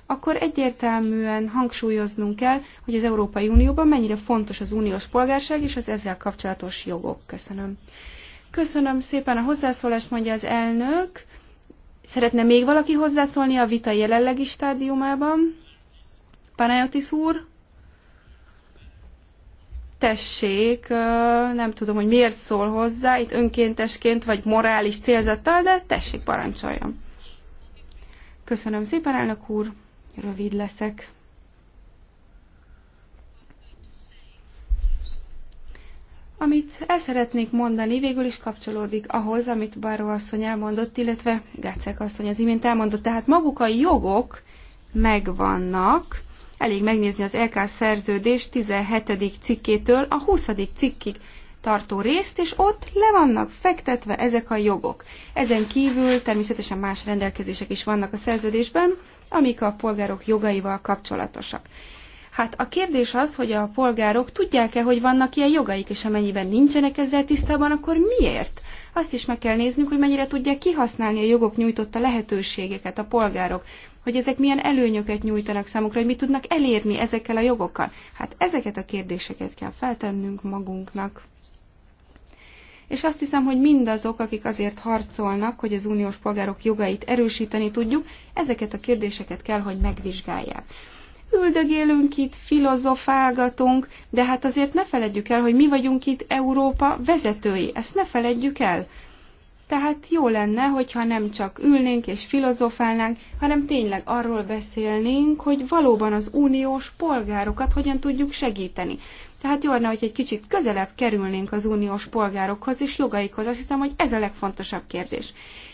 akkor egyértelműen hangsúlyoznunk kell, hogy az Európai Unióban mennyire fontos az uniós polgárság és az ezzel kapcsolatos jogok. Köszönöm. Köszönöm szépen a hozzászólást, mondja az elnök. Szeretne még valaki hozzászólni a vita jelenlegi stádiumában? Panayotis úr? tessék, nem tudom, hogy miért szól hozzá, itt önkéntesként vagy morális célzattal, de tessék, parancsoljam. Köszönöm szépen, elnök úr, rövid leszek. Amit el szeretnék mondani, végül is kapcsolódik ahhoz, amit Baró asszony elmondott, illetve Gácek asszony az imént elmondott. Tehát maguk a jogok megvannak, Elég megnézni az LK szerződés 17. cikkétől a 20. cikkig tartó részt, és ott le vannak fektetve ezek a jogok. Ezen kívül természetesen más rendelkezések is vannak a szerződésben, amik a polgárok jogaival kapcsolatosak. Hát a kérdés az, hogy a polgárok tudják-e, hogy vannak ilyen jogaik, és amennyiben nincsenek ezzel tisztában, akkor miért? Azt is meg kell néznünk, hogy mennyire tudják kihasználni a jogok nyújtotta lehetőségeket a polgárok hogy ezek milyen előnyöket nyújtanak számukra, hogy mit tudnak elérni ezekkel a jogokkal. Hát ezeket a kérdéseket kell feltennünk magunknak. És azt hiszem, hogy mindazok, akik azért harcolnak, hogy az uniós polgárok jogait erősíteni tudjuk, ezeket a kérdéseket kell, hogy megvizsgálják üldögélünk itt, filozofálgatunk, de hát azért ne feledjük el, hogy mi vagyunk itt Európa vezetői. Ezt ne feledjük el. Tehát jó lenne, hogyha nem csak ülnénk és filozofálnánk, hanem tényleg arról beszélnénk, hogy valóban az uniós polgárokat hogyan tudjuk segíteni. Tehát jó lenne, hogy egy kicsit közelebb kerülnénk az uniós polgárokhoz és jogaikhoz. Azt hiszem, hogy ez a legfontosabb kérdés.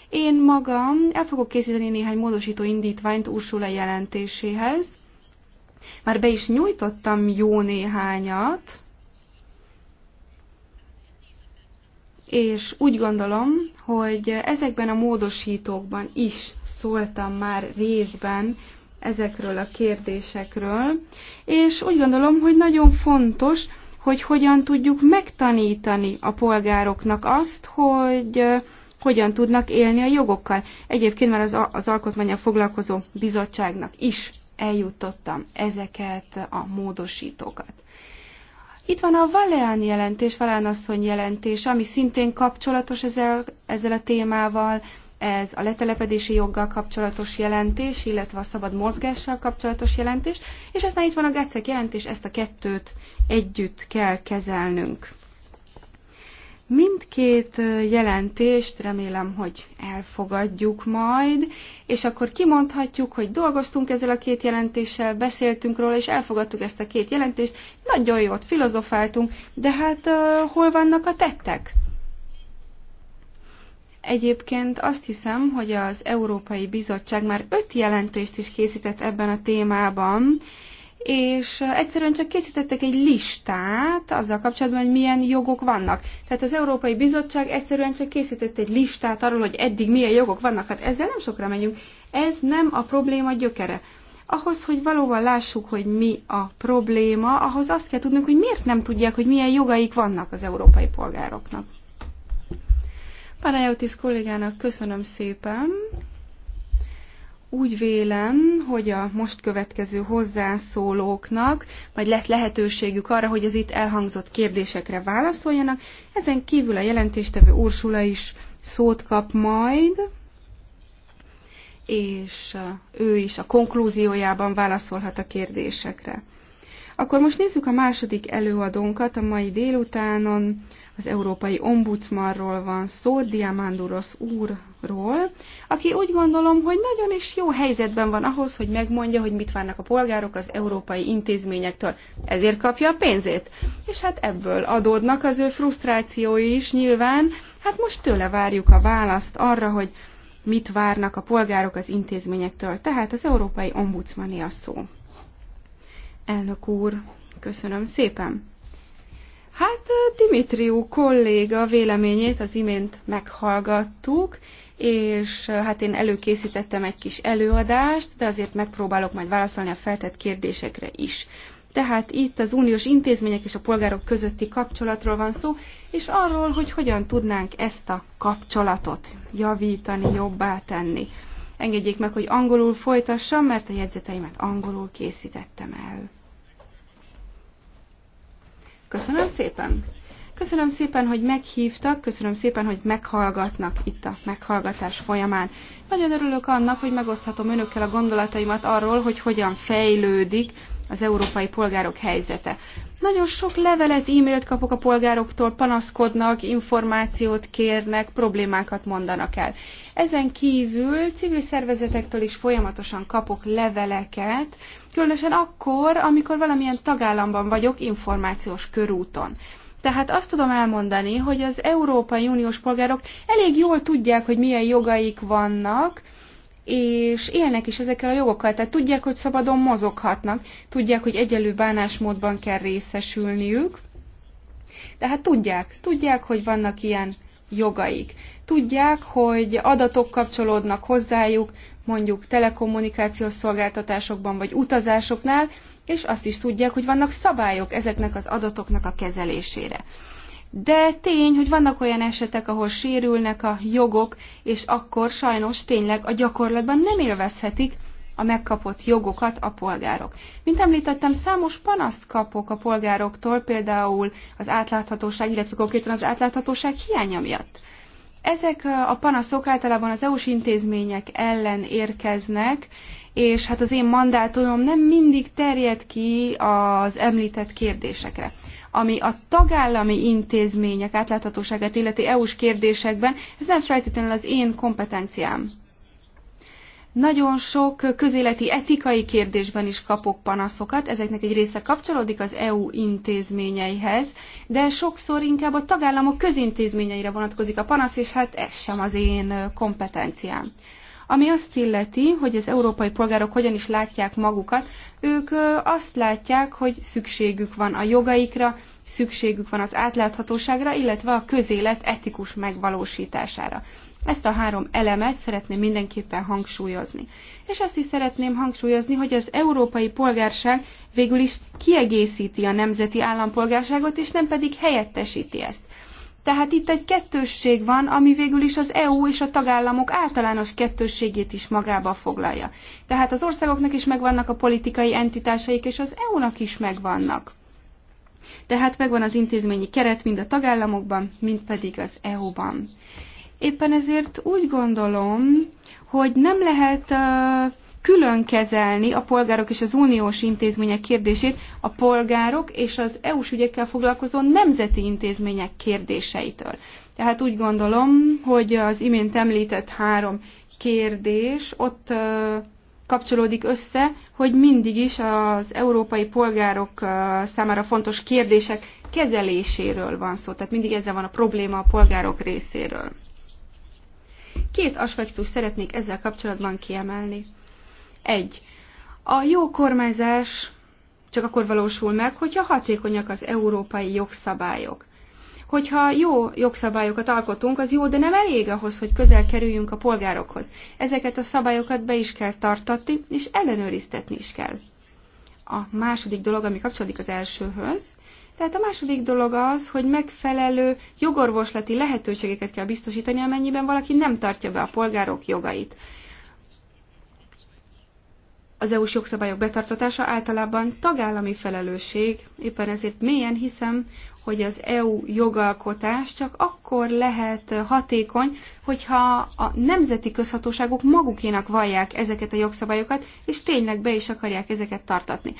Én magam el fogok készíteni néhány módosító indítványt Ursula jelentéséhez. Már be is nyújtottam jó néhányat, és úgy gondolom, hogy ezekben a módosítókban is szóltam már részben ezekről a kérdésekről, és úgy gondolom, hogy nagyon fontos, hogy hogyan tudjuk megtanítani a polgároknak azt, hogy hogyan tudnak élni a jogokkal. Egyébként már az, az alkotmányal foglalkozó bizottságnak is eljutottam ezeket a módosítókat. Itt van a Valéán jelentés, Valéán asszony jelentés, ami szintén kapcsolatos ezzel, ezzel a témával, ez a letelepedési joggal kapcsolatos jelentés, illetve a szabad mozgással kapcsolatos jelentés, és aztán itt van a Gecek jelentés, ezt a kettőt együtt kell kezelnünk. Mindkét jelentést remélem, hogy elfogadjuk majd, és akkor kimondhatjuk, hogy dolgoztunk ezzel a két jelentéssel, beszéltünk róla, és elfogadtuk ezt a két jelentést, nagyon jót filozofáltunk, de hát uh, hol vannak a tettek? Egyébként azt hiszem, hogy az Európai Bizottság már öt jelentést is készített ebben a témában, uh, és egyszerűen csak készítettek egy listát azzal kapcsolatban, hogy milyen jogok vannak. Tehát az Európai Bizottság egyszerűen csak készített egy listát arról, hogy eddig milyen jogok vannak. Hát ezzel nem sokra megyünk. Ez nem a probléma gyökere. Ahhoz, hogy valóban lássuk, hogy mi a probléma, ahhoz azt kell tudnunk, hogy miért nem tudják, hogy milyen jogaik vannak az európai polgároknak. Panayotis kollégának köszönöm szépen úgy vélem, hogy a most következő hozzászólóknak majd lesz lehetőségük arra, hogy az itt elhangzott kérdésekre válaszoljanak. Ezen kívül a jelentéstevő Ursula is szót kap majd, és ő is a konklúziójában válaszolhat a kérdésekre. Akkor most nézzük a második előadónkat a mai délutánon, az Európai Ombudsmanról van szó, Diamanduros úrról, aki úgy gondolom, hogy nagyon is jó helyzetben van ahhoz, hogy megmondja, hogy mit várnak a polgárok az európai intézményektől. Ezért kapja a pénzét. És hát ebből adódnak az ő frusztrációi is nyilván. Hát most tőle várjuk a választ arra, hogy mit várnak a polgárok az intézményektől. Tehát az Európai ombudsmani a szó. Elnök úr, köszönöm szépen! Hát Dimitriú kolléga véleményét az imént meghallgattuk, és hát én előkészítettem egy kis előadást, de azért megpróbálok majd válaszolni a feltett kérdésekre is. Tehát itt az uniós intézmények és a polgárok közötti kapcsolatról van szó, és arról, hogy hogyan tudnánk ezt a kapcsolatot javítani, jobbá tenni. Engedjék meg, hogy angolul folytassam, mert a jegyzeteimet angolul készítettem el. Köszönöm szépen! Köszönöm szépen, hogy meghívtak, köszönöm szépen, hogy meghallgatnak itt a meghallgatás folyamán. Nagyon örülök annak, hogy megoszthatom önökkel a gondolataimat arról, hogy hogyan fejlődik az európai polgárok helyzete. Nagyon sok levelet, e-mailt kapok a polgároktól, panaszkodnak, információt kérnek, problémákat mondanak el. Ezen kívül civil szervezetektől is folyamatosan kapok leveleket, különösen akkor, amikor valamilyen tagállamban vagyok információs körúton. Tehát azt tudom elmondani, hogy az Európai Uniós polgárok elég jól tudják, hogy milyen jogaik vannak, és élnek is ezekkel a jogokkal. Tehát tudják, hogy szabadon mozoghatnak, tudják, hogy egyelő bánásmódban kell részesülniük. Tehát tudják, tudják, hogy vannak ilyen jogaik. Tudják, hogy adatok kapcsolódnak hozzájuk, mondjuk telekommunikációs szolgáltatásokban vagy utazásoknál, és azt is tudják, hogy vannak szabályok ezeknek az adatoknak a kezelésére. De tény, hogy vannak olyan esetek, ahol sérülnek a jogok, és akkor sajnos tényleg a gyakorlatban nem élvezhetik a megkapott jogokat a polgárok. Mint említettem, számos panaszt kapok a polgároktól, például az átláthatóság, illetve konkrétan az átláthatóság hiánya miatt. Ezek a panaszok általában az EU-s intézmények ellen érkeznek, és hát az én mandátumom nem mindig terjed ki az említett kérdésekre. Ami a tagállami intézmények átláthatóságát illeti EU-s kérdésekben, ez nem feltétlenül az én kompetenciám. Nagyon sok közéleti etikai kérdésben is kapok panaszokat, ezeknek egy része kapcsolódik az EU intézményeihez, de sokszor inkább a tagállamok közintézményeire vonatkozik a panasz, és hát ez sem az én kompetenciám. Ami azt illeti, hogy az európai polgárok hogyan is látják magukat, ők azt látják, hogy szükségük van a jogaikra, szükségük van az átláthatóságra, illetve a közélet etikus megvalósítására. Ezt a három elemet szeretném mindenképpen hangsúlyozni. És azt is szeretném hangsúlyozni, hogy az európai polgárság végül is kiegészíti a nemzeti állampolgárságot, és nem pedig helyettesíti ezt. Tehát itt egy kettősség van, ami végül is az EU és a tagállamok általános kettősségét is magába foglalja. Tehát az országoknak is megvannak a politikai entitásaik, és az EU-nak is megvannak. Tehát megvan az intézményi keret mind a tagállamokban, mind pedig az EU-ban. Éppen ezért úgy gondolom, hogy nem lehet külön kezelni a polgárok és az uniós intézmények kérdését, a polgárok és az EU-s ügyekkel foglalkozó nemzeti intézmények kérdéseitől. Tehát úgy gondolom, hogy az imént említett három kérdés ott kapcsolódik össze, hogy mindig is az európai polgárok számára fontos kérdések kezeléséről van szó. Tehát mindig ezzel van a probléma a polgárok részéről. Két aspektus szeretnék ezzel kapcsolatban kiemelni. Egy. A jó kormányzás csak akkor valósul meg, hogyha hatékonyak az európai jogszabályok. Hogyha jó jogszabályokat alkotunk, az jó, de nem elég ahhoz, hogy közel kerüljünk a polgárokhoz. Ezeket a szabályokat be is kell tartatni, és ellenőriztetni is kell. A második dolog, ami kapcsolódik az elsőhöz, tehát a második dolog az, hogy megfelelő jogorvoslati lehetőségeket kell biztosítani, amennyiben valaki nem tartja be a polgárok jogait. Az EU-s jogszabályok betartatása általában tagállami felelősség, éppen ezért mélyen hiszem, hogy az EU jogalkotás csak akkor lehet hatékony, hogyha a nemzeti közhatóságok magukénak vallják ezeket a jogszabályokat, és tényleg be is akarják ezeket tartatni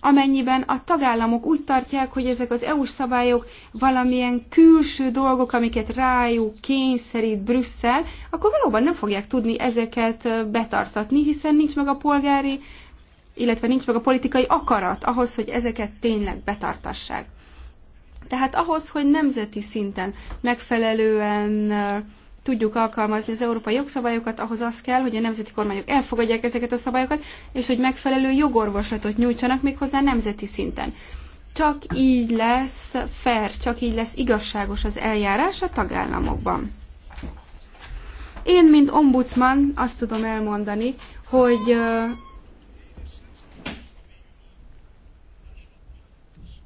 amennyiben a tagállamok úgy tartják, hogy ezek az EU-s szabályok valamilyen külső dolgok, amiket rájuk kényszerít Brüsszel, akkor valóban nem fogják tudni ezeket betartatni, hiszen nincs meg a polgári, illetve nincs meg a politikai akarat ahhoz, hogy ezeket tényleg betartassák. Tehát ahhoz, hogy nemzeti szinten megfelelően tudjuk alkalmazni az európai jogszabályokat, ahhoz az kell, hogy a nemzeti kormányok elfogadják ezeket a szabályokat, és hogy megfelelő jogorvoslatot nyújtsanak méghozzá nemzeti szinten. Csak így lesz fair, csak így lesz igazságos az eljárás a tagállamokban. Én, mint ombudsman, azt tudom elmondani, hogy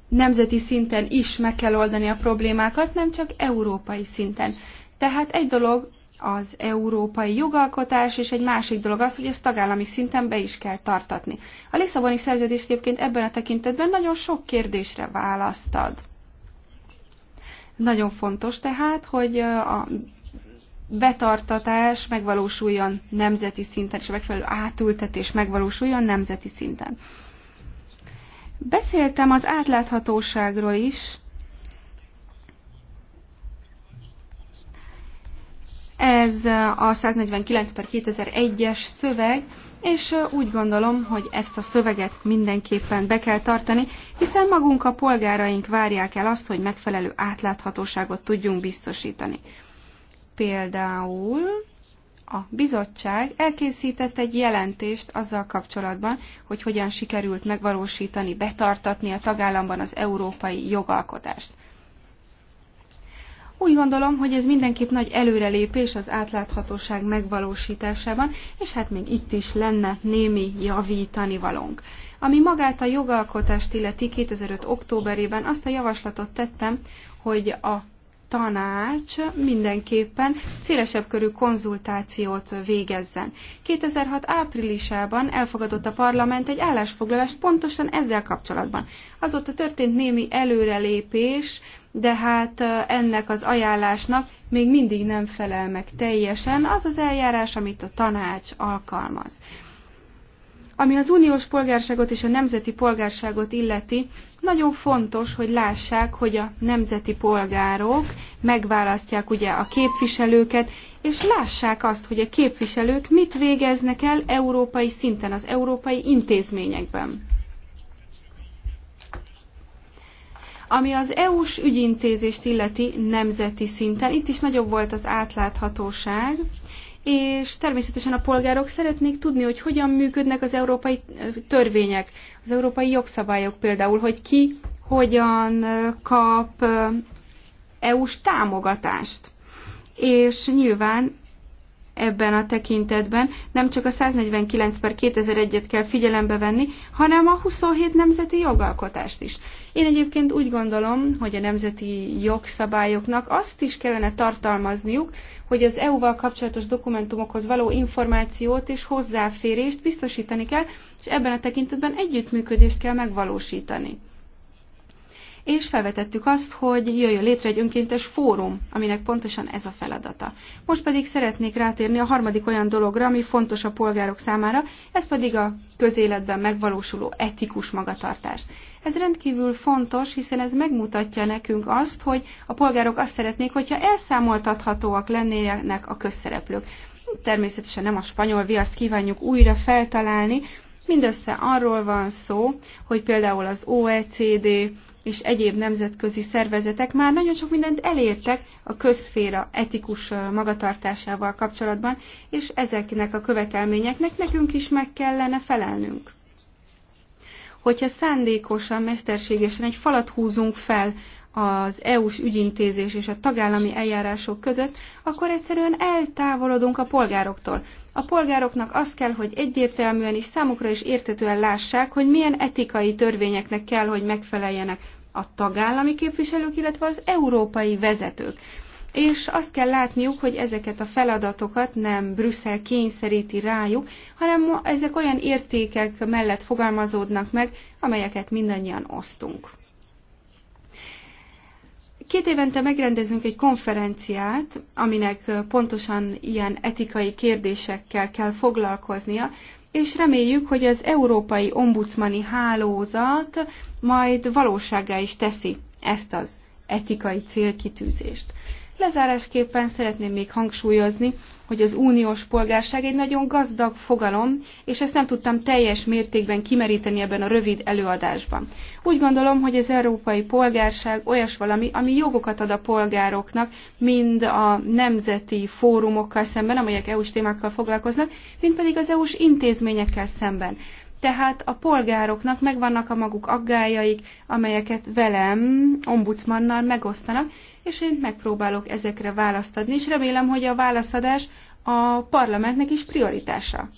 nemzeti szinten is meg kell oldani a problémákat, nem csak európai szinten. Tehát egy dolog az európai jogalkotás, és egy másik dolog az, hogy ezt tagállami szinten be is kell tartatni. A Lisszaboni szerződés egyébként ebben a tekintetben nagyon sok kérdésre választad. Nagyon fontos tehát, hogy a betartatás megvalósuljon nemzeti szinten, és a megfelelő átültetés megvalósuljon nemzeti szinten. Beszéltem az átláthatóságról is, Ez a 149 per 2001-es szöveg, és úgy gondolom, hogy ezt a szöveget mindenképpen be kell tartani, hiszen magunk a polgáraink várják el azt, hogy megfelelő átláthatóságot tudjunk biztosítani. Például a bizottság elkészített egy jelentést azzal kapcsolatban, hogy hogyan sikerült megvalósítani, betartatni a tagállamban az európai jogalkotást. Úgy gondolom, hogy ez mindenképp nagy előrelépés az átláthatóság megvalósításában, és hát még itt is lenne némi javítani valónk. Ami magát a jogalkotást illeti 2005. októberében azt a javaslatot tettem, hogy a tanács mindenképpen szélesebb körű konzultációt végezzen. 2006 áprilisában elfogadott a parlament egy állásfoglalást pontosan ezzel kapcsolatban. Azóta történt némi előrelépés, de hát ennek az ajánlásnak még mindig nem felel meg teljesen az az eljárás, amit a tanács alkalmaz. Ami az uniós polgárságot és a nemzeti polgárságot illeti, nagyon fontos, hogy lássák, hogy a nemzeti polgárok megválasztják ugye a képviselőket, és lássák azt, hogy a képviselők mit végeznek el európai szinten, az európai intézményekben. Ami az EU-s ügyintézést illeti nemzeti szinten, itt is nagyobb volt az átláthatóság, és természetesen a polgárok szeretnék tudni, hogy hogyan működnek az európai törvények, az európai jogszabályok például, hogy ki hogyan kap EU-s támogatást. És nyilván ebben a tekintetben nem csak a 149 per 2001-et kell figyelembe venni, hanem a 27 nemzeti jogalkotást is. Én egyébként úgy gondolom, hogy a nemzeti jogszabályoknak azt is kellene tartalmazniuk, hogy az EU-val kapcsolatos dokumentumokhoz való információt és hozzáférést biztosítani kell, és ebben a tekintetben együttműködést kell megvalósítani. És felvetettük azt, hogy jöjjön létre egy önkéntes fórum, aminek pontosan ez a feladata. Most pedig szeretnék rátérni a harmadik olyan dologra, ami fontos a polgárok számára, ez pedig a közéletben megvalósuló etikus magatartás. Ez rendkívül fontos, hiszen ez megmutatja nekünk azt, hogy a polgárok azt szeretnék, hogyha elszámoltathatóak lennének a közszereplők. Természetesen nem a spanyol viaszt kívánjuk újra feltalálni, mindössze arról van szó, hogy például az OECD és egyéb nemzetközi szervezetek már nagyon sok mindent elértek a közféra etikus magatartásával kapcsolatban, és ezeknek a követelményeknek nekünk is meg kellene felelnünk hogyha szándékosan, mesterségesen egy falat húzunk fel az EU-s ügyintézés és a tagállami eljárások között, akkor egyszerűen eltávolodunk a polgároktól. A polgároknak azt kell, hogy egyértelműen és számukra is értetően lássák, hogy milyen etikai törvényeknek kell, hogy megfeleljenek a tagállami képviselők, illetve az európai vezetők és azt kell látniuk, hogy ezeket a feladatokat nem Brüsszel kényszeríti rájuk, hanem ezek olyan értékek mellett fogalmazódnak meg, amelyeket mindannyian osztunk. Két évente megrendezünk egy konferenciát, aminek pontosan ilyen etikai kérdésekkel kell foglalkoznia, és reméljük, hogy az Európai Ombudsmani Hálózat majd valóságá is teszi ezt az etikai célkitűzést. Lezárásképpen szeretném még hangsúlyozni, hogy az uniós polgárság egy nagyon gazdag fogalom, és ezt nem tudtam teljes mértékben kimeríteni ebben a rövid előadásban. Úgy gondolom, hogy az európai polgárság olyas valami, ami jogokat ad a polgároknak, mind a nemzeti fórumokkal szemben, amelyek EU-s témákkal foglalkoznak, mind pedig az EU-s intézményekkel szemben tehát a polgároknak megvannak a maguk aggájaik, amelyeket velem, ombudsmannal megosztanak, és én megpróbálok ezekre választ adni, és remélem, hogy a válaszadás a parlamentnek is prioritása.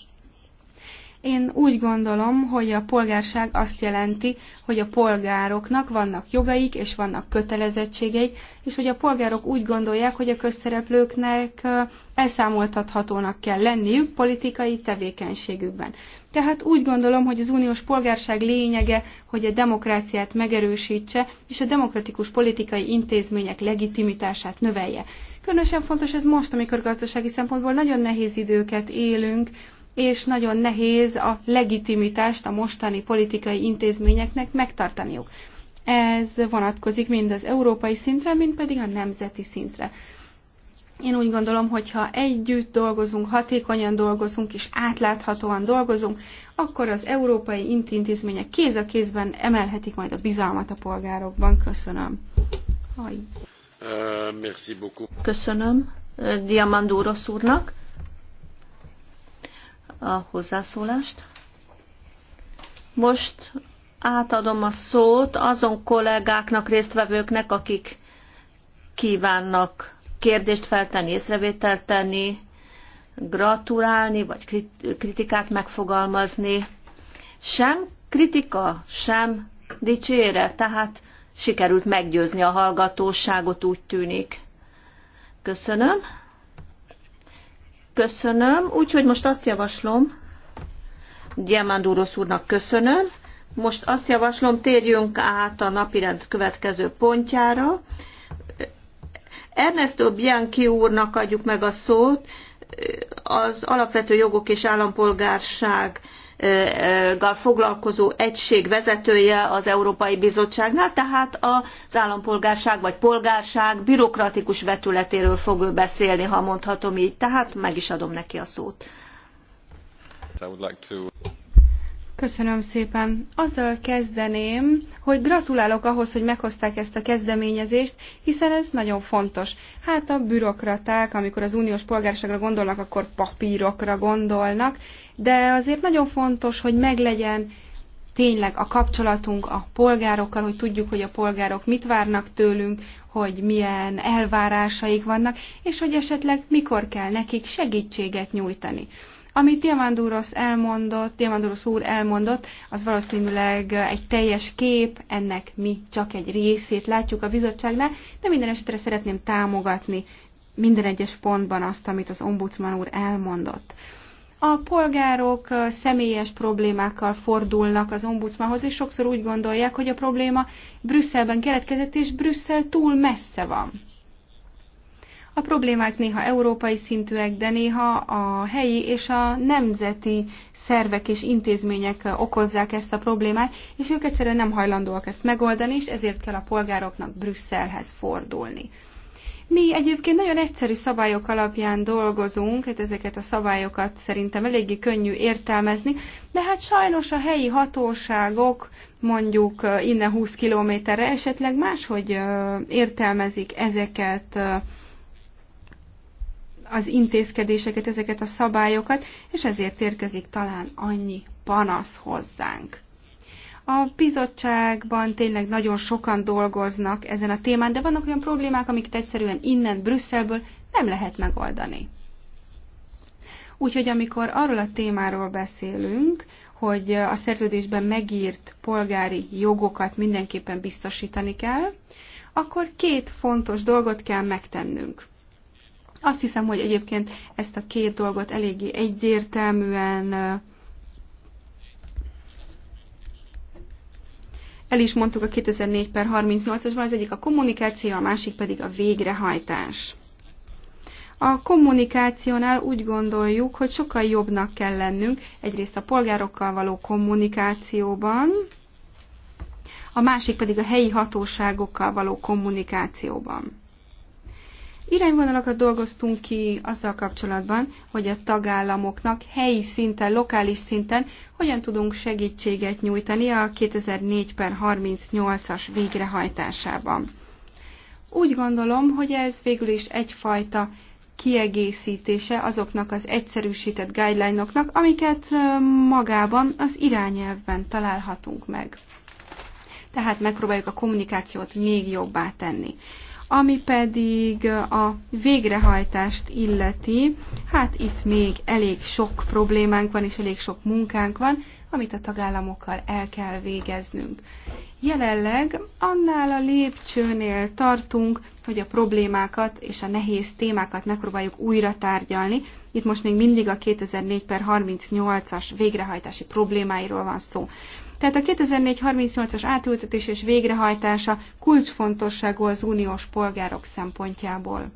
Én úgy gondolom, hogy a polgárság azt jelenti, hogy a polgároknak vannak jogaik és vannak kötelezettségeik, és hogy a polgárok úgy gondolják, hogy a közszereplőknek elszámoltathatónak kell lenniük politikai tevékenységükben. Tehát úgy gondolom, hogy az uniós polgárság lényege, hogy a demokráciát megerősítse, és a demokratikus politikai intézmények legitimitását növelje. Különösen fontos ez most, amikor gazdasági szempontból nagyon nehéz időket élünk, és nagyon nehéz a legitimitást a mostani politikai intézményeknek megtartaniuk. Ez vonatkozik mind az európai szintre, mind pedig a nemzeti szintre. Én úgy gondolom, hogy ha együtt dolgozunk, hatékonyan dolgozunk és átláthatóan dolgozunk, akkor az európai intézmények kéz a kézben emelhetik majd a bizalmat a polgárokban. Köszönöm. Köszönöm Diamandúros úrnak a hozzászólást. Most átadom a szót azon kollégáknak, résztvevőknek, akik kívánnak kérdést feltenni, észrevételt tenni, gratulálni, vagy kritikát megfogalmazni. Sem kritika, sem dicsére, tehát sikerült meggyőzni a hallgatóságot, úgy tűnik. Köszönöm. Köszönöm. Úgyhogy most azt javaslom, Diamandúros úrnak köszönöm. Most azt javaslom, térjünk át a napirend következő pontjára. Ernesto Bianchi úrnak adjuk meg a szót, az alapvető jogok és állampolgárság foglalkozó egység vezetője az Európai Bizottságnál, tehát az állampolgárság vagy polgárság bürokratikus vetületéről fog ő beszélni, ha mondhatom így, tehát meg is adom neki a szót. Köszönöm szépen. Azzal kezdeném, hogy gratulálok ahhoz, hogy meghozták ezt a kezdeményezést, hiszen ez nagyon fontos. Hát a bürokraták, amikor az uniós polgárságra gondolnak, akkor papírokra gondolnak, de azért nagyon fontos, hogy meglegyen tényleg a kapcsolatunk a polgárokkal, hogy tudjuk, hogy a polgárok mit várnak tőlünk, hogy milyen elvárásaik vannak, és hogy esetleg mikor kell nekik segítséget nyújtani. Amit Diamandouros elmondott, Diamandouros úr elmondott, az valószínűleg egy teljes kép, ennek mi csak egy részét látjuk a bizottságnál, de minden esetre szeretném támogatni minden egyes pontban azt, amit az ombudsman úr elmondott. A polgárok személyes problémákkal fordulnak az ombudsmanhoz, és sokszor úgy gondolják, hogy a probléma Brüsszelben keletkezett, és Brüsszel túl messze van. A problémák néha európai szintűek, de néha a helyi és a nemzeti szervek és intézmények okozzák ezt a problémát, és ők egyszerűen nem hajlandóak ezt megoldani, és ezért kell a polgároknak Brüsszelhez fordulni. Mi egyébként nagyon egyszerű szabályok alapján dolgozunk, hát ezeket a szabályokat szerintem eléggé könnyű értelmezni, de hát sajnos a helyi hatóságok mondjuk eh, innen 20 kilométerre esetleg máshogy eh, értelmezik ezeket eh, az intézkedéseket, ezeket a szabályokat, és ezért érkezik talán annyi panasz hozzánk. A bizottságban tényleg nagyon sokan dolgoznak ezen a témán, de vannak olyan problémák, amiket egyszerűen innen, Brüsszelből nem lehet megoldani. Úgyhogy amikor arról a témáról beszélünk, hogy a szerződésben megírt polgári jogokat mindenképpen biztosítani kell, akkor két fontos dolgot kell megtennünk. Azt hiszem, hogy egyébként ezt a két dolgot eléggé egyértelműen el is mondtuk a 2004 per 38-asban, az egyik a kommunikáció, a másik pedig a végrehajtás. A kommunikációnál úgy gondoljuk, hogy sokkal jobbnak kell lennünk, egyrészt a polgárokkal való kommunikációban, a másik pedig a helyi hatóságokkal való kommunikációban. Irányvonalakat dolgoztunk ki azzal kapcsolatban, hogy a tagállamoknak helyi szinten, lokális szinten hogyan tudunk segítséget nyújtani a 2004 per 38-as végrehajtásában. Úgy gondolom, hogy ez végül is egyfajta kiegészítése azoknak az egyszerűsített guideline-oknak, amiket magában az irányelvben találhatunk meg. Tehát megpróbáljuk a kommunikációt még jobbá tenni. Ami pedig a végrehajtást illeti, hát itt még elég sok problémánk van, és elég sok munkánk van, amit a tagállamokkal el kell végeznünk. Jelenleg annál a lépcsőnél tartunk, hogy a problémákat és a nehéz témákat megpróbáljuk újra tárgyalni. Itt most még mindig a 2004 per 38-as végrehajtási problémáiról van szó. Tehát a 2004-38-as átültetés és végrehajtása kulcsfontosságú az uniós polgárok szempontjából.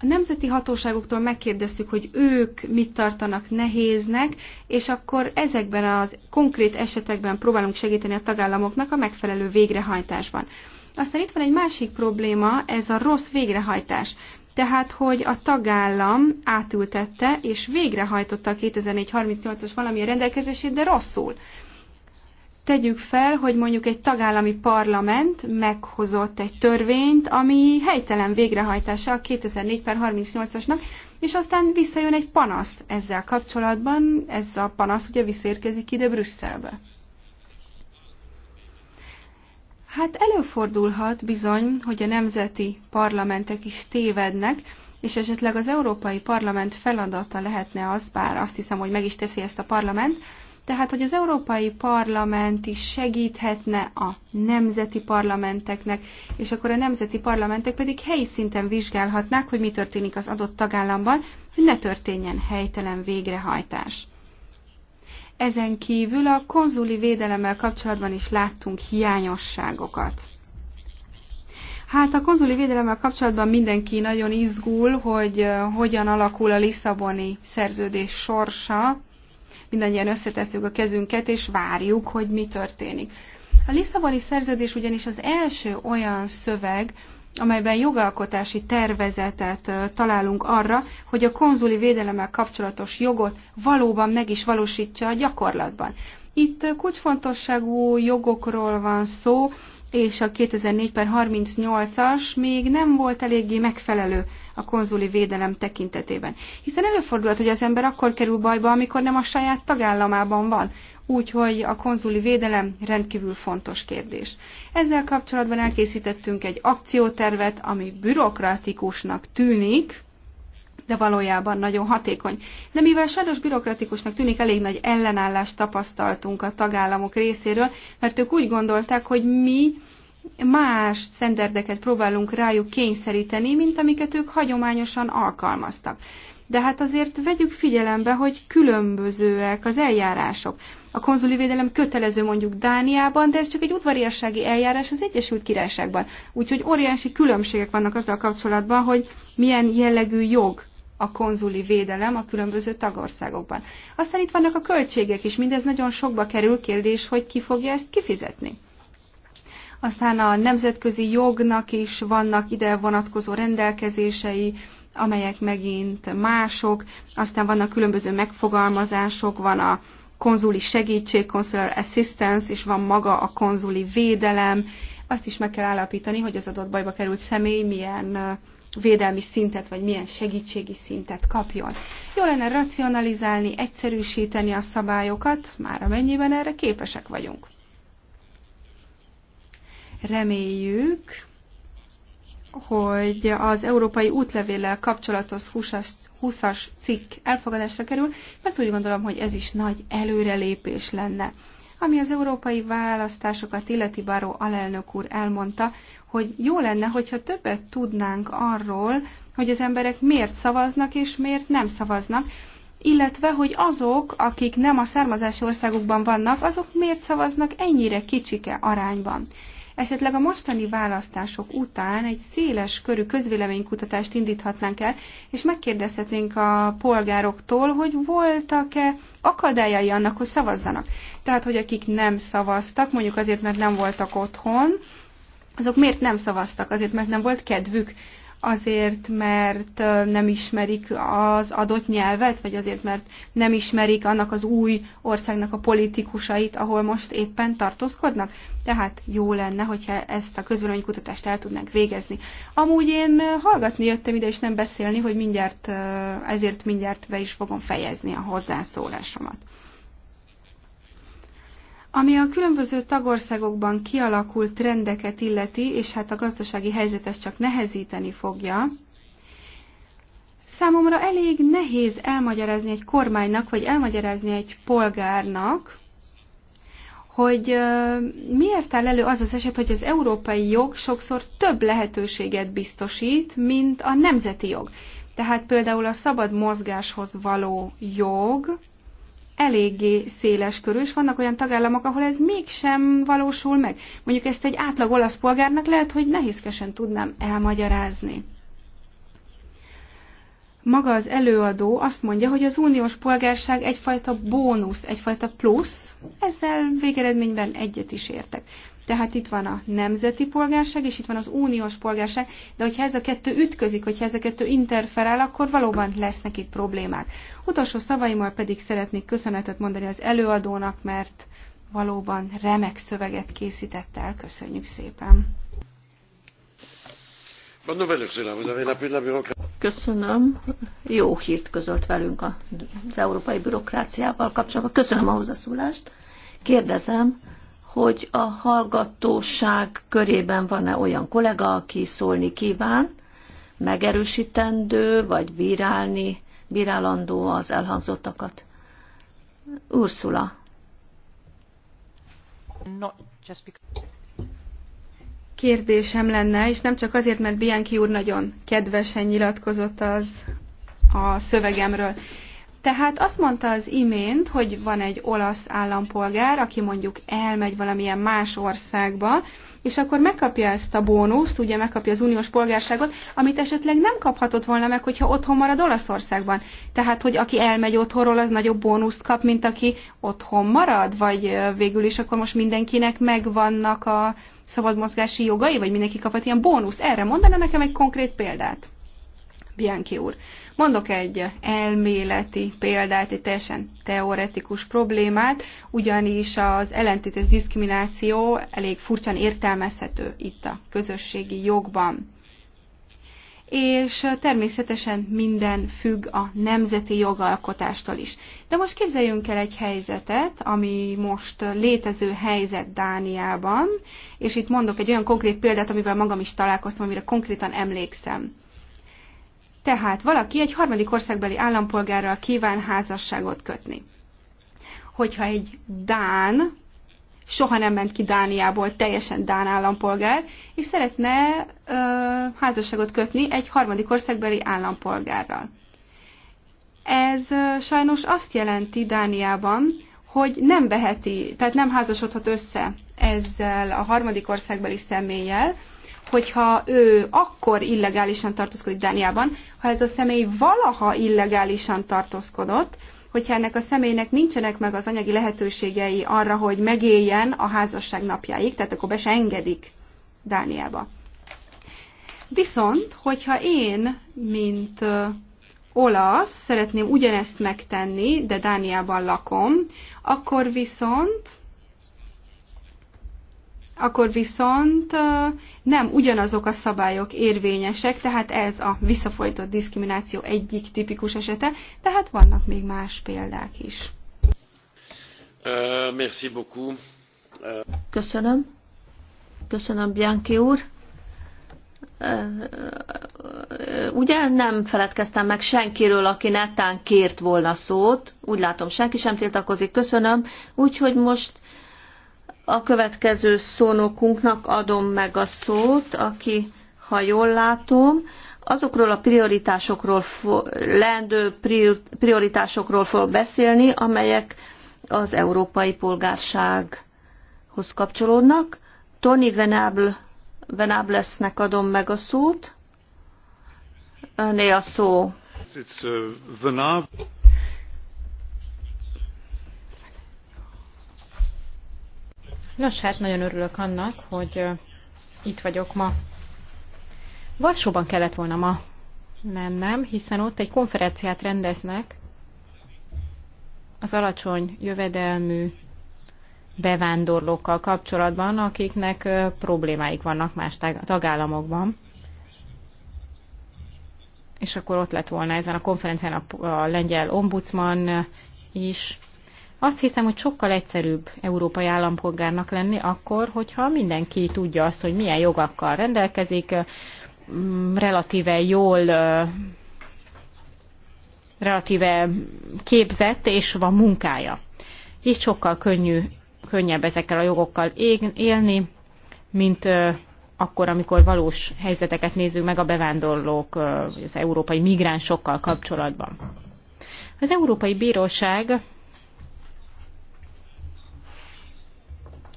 A nemzeti hatóságoktól megkérdeztük, hogy ők mit tartanak nehéznek, és akkor ezekben az konkrét esetekben próbálunk segíteni a tagállamoknak a megfelelő végrehajtásban. Aztán itt van egy másik probléma, ez a rossz végrehajtás tehát hogy a tagállam átültette és végrehajtotta a 2004-38-as valamilyen rendelkezését, de rosszul. Tegyük fel, hogy mondjuk egy tagállami parlament meghozott egy törvényt, ami helytelen végrehajtása a 2004 per 38-asnak, és aztán visszajön egy panasz ezzel kapcsolatban, ez a panasz ugye visszérkezik ide Brüsszelbe. Hát előfordulhat bizony, hogy a nemzeti parlamentek is tévednek, és esetleg az Európai Parlament feladata lehetne az, bár azt hiszem, hogy meg is teszi ezt a parlament, tehát, hogy az Európai Parlament is segíthetne a nemzeti parlamenteknek, és akkor a nemzeti parlamentek pedig helyi szinten vizsgálhatnák, hogy mi történik az adott tagállamban, hogy ne történjen helytelen végrehajtás. Ezen kívül a konzuli védelemmel kapcsolatban is láttunk hiányosságokat. Hát a konzuli védelemmel kapcsolatban mindenki nagyon izgul, hogy hogyan alakul a Lisszaboni szerződés sorsa. Mindannyian összetesszük a kezünket, és várjuk, hogy mi történik. A Lisszaboni szerződés ugyanis az első olyan szöveg, amelyben jogalkotási tervezetet találunk arra, hogy a konzuli védelemmel kapcsolatos jogot valóban meg is valósítsa a gyakorlatban. Itt kulcsfontosságú jogokról van szó, és a 2004 per 38-as még nem volt eléggé megfelelő a konzuli védelem tekintetében. Hiszen előfordulhat, hogy az ember akkor kerül bajba, amikor nem a saját tagállamában van. Úgyhogy a konzuli védelem rendkívül fontos kérdés. Ezzel kapcsolatban elkészítettünk egy akciótervet, ami bürokratikusnak tűnik, de valójában nagyon hatékony. De mivel sajnos bürokratikusnak tűnik, elég nagy ellenállást tapasztaltunk a tagállamok részéről, mert ők úgy gondolták, hogy mi más szenderdeket próbálunk rájuk kényszeríteni, mint amiket ők hagyományosan alkalmaztak. De hát azért vegyük figyelembe, hogy különbözőek az eljárások. A konzuli védelem kötelező mondjuk Dániában, de ez csak egy udvariassági eljárás az Egyesült Királyságban. Úgyhogy óriási különbségek vannak azzal kapcsolatban, hogy milyen jellegű jog a konzuli védelem a különböző tagországokban. Aztán itt vannak a költségek is, mindez nagyon sokba kerül, kérdés, hogy ki fogja ezt kifizetni. Aztán a nemzetközi jognak is vannak ide vonatkozó rendelkezései, amelyek megint mások, aztán vannak különböző megfogalmazások, van a konzuli segítség, consular assistance, és van maga a konzuli védelem. Azt is meg kell állapítani, hogy az adott bajba került személy milyen védelmi szintet, vagy milyen segítségi szintet kapjon. Jó lenne racionalizálni, egyszerűsíteni a szabályokat, már amennyiben erre képesek vagyunk. Reméljük, hogy az európai útlevéllel kapcsolatos 20-as cikk elfogadásra kerül, mert úgy gondolom, hogy ez is nagy előrelépés lenne. Ami az európai választásokat illeti báró alelnök úr elmondta, hogy jó lenne, hogyha többet tudnánk arról, hogy az emberek miért szavaznak és miért nem szavaznak, illetve hogy azok, akik nem a származási országukban vannak, azok miért szavaznak ennyire kicsike arányban. Esetleg a mostani választások után egy széles körű közvéleménykutatást indíthatnánk el, és megkérdezhetnénk a polgároktól, hogy voltak-e akadályai annak, hogy szavazzanak. Tehát, hogy akik nem szavaztak, mondjuk azért, mert nem voltak otthon, azok miért nem szavaztak? Azért, mert nem volt kedvük azért, mert nem ismerik az adott nyelvet, vagy azért, mert nem ismerik annak az új országnak a politikusait, ahol most éppen tartózkodnak. Tehát jó lenne, hogyha ezt a közvéleménykutatást el tudnánk végezni. Amúgy én hallgatni jöttem ide, és nem beszélni, hogy mindjárt, ezért mindjárt be is fogom fejezni a hozzászólásomat. Ami a különböző tagországokban kialakult trendeket illeti, és hát a gazdasági helyzet ezt csak nehezíteni fogja, számomra elég nehéz elmagyarázni egy kormánynak, vagy elmagyarázni egy polgárnak, hogy miért áll elő az az eset, hogy az európai jog sokszor több lehetőséget biztosít, mint a nemzeti jog. Tehát például a szabad mozgáshoz való jog, eléggé széles körül, és vannak olyan tagállamok, ahol ez mégsem valósul meg. Mondjuk ezt egy átlag olasz polgárnak lehet, hogy nehézkesen tudnám elmagyarázni. Maga az előadó azt mondja, hogy az uniós polgárság egyfajta bónusz, egyfajta plusz, ezzel végeredményben egyet is értek. Tehát itt van a nemzeti polgárság, és itt van az uniós polgárság, de hogyha ez a kettő ütközik, hogyha ez a kettő interferál, akkor valóban lesznek itt problémák. Utolsó szavaimmal pedig szeretnék köszönetet mondani az előadónak, mert valóban remek szöveget készített el. Köszönjük szépen! Köszönöm. Jó hírt közölt velünk az európai bürokráciával kapcsolatban. Köszönöm a hozzászólást. Kérdezem, hogy a hallgatóság körében van-e olyan kollega, aki szólni kíván, megerősítendő, vagy bírálni, bírálandó az elhangzottakat. Ursula. Kérdésem lenne, és nem csak azért, mert Bianchi úr nagyon kedvesen nyilatkozott az a szövegemről. Tehát azt mondta az imént, hogy van egy olasz állampolgár, aki mondjuk elmegy valamilyen más országba, és akkor megkapja ezt a bónuszt, ugye megkapja az uniós polgárságot, amit esetleg nem kaphatott volna meg, hogyha otthon marad Olaszországban. Tehát, hogy aki elmegy otthonról, az nagyobb bónuszt kap, mint aki otthon marad, vagy végül is akkor most mindenkinek megvannak a szabadmozgási jogai, vagy mindenki kaphat ilyen bónuszt. Erre mondaná nekem egy konkrét példát. Bianchi úr. Mondok egy elméleti példát, egy teljesen teoretikus problémát, ugyanis az ellentétes diszkrimináció elég furcsán értelmezhető itt a közösségi jogban és természetesen minden függ a nemzeti jogalkotástól is. De most képzeljünk el egy helyzetet, ami most létező helyzet Dániában, és itt mondok egy olyan konkrét példát, amivel magam is találkoztam, amire konkrétan emlékszem. Tehát valaki egy harmadik országbeli állampolgárral kíván házasságot kötni. Hogyha egy Dán soha nem ment ki Dániából, teljesen Dán állampolgár, és szeretne ö, házasságot kötni egy harmadik országbeli állampolgárral. Ez ö, sajnos azt jelenti Dániában, hogy nem veheti, tehát nem házasodhat össze ezzel a harmadik országbeli személlyel, hogyha ő akkor illegálisan tartózkodik Dániában, ha ez a személy valaha illegálisan tartózkodott, hogyha ennek a személynek nincsenek meg az anyagi lehetőségei arra, hogy megéljen a házasság napjáig, tehát akkor be se engedik Dániába. Viszont, hogyha én, mint olasz, szeretném ugyanezt megtenni, de Dániában lakom, akkor viszont akkor viszont nem ugyanazok a szabályok érvényesek, tehát ez a visszafolytott diszkrimináció egyik tipikus esete, tehát vannak még más példák is. Uh, merci beaucoup. Uh... Köszönöm. Köszönöm, Bianchi úr. Ugye nem feledkeztem meg senkiről, aki netán kért volna szót. Úgy látom, senki sem tiltakozik. Köszönöm. Úgyhogy most a következő szónokunknak adom meg a szót, aki, ha jól látom, azokról a prioritásokról, leendő prioritásokról fog beszélni, amelyek az európai polgársághoz kapcsolódnak. Tony Venable, Venablesnek adom meg a szót. Öné a szó. It's, uh, Nos, hát nagyon örülök annak, hogy itt vagyok ma. Varsóban kellett volna ma mennem, hiszen ott egy konferenciát rendeznek az alacsony jövedelmű bevándorlókkal kapcsolatban, akiknek problémáik vannak más tagállamokban. És akkor ott lett volna ezen a konferencián a, lengyel ombudsman is, azt hiszem, hogy sokkal egyszerűbb európai állampolgárnak lenni akkor, hogyha mindenki tudja azt, hogy milyen jogakkal rendelkezik, mm, relatíve jól, relatíve képzett és van munkája. Így sokkal könnyű, könnyebb ezekkel a jogokkal élni, mint akkor, amikor valós helyzeteket nézzük meg a bevándorlók, az európai migránsokkal kapcsolatban. Az Európai Bíróság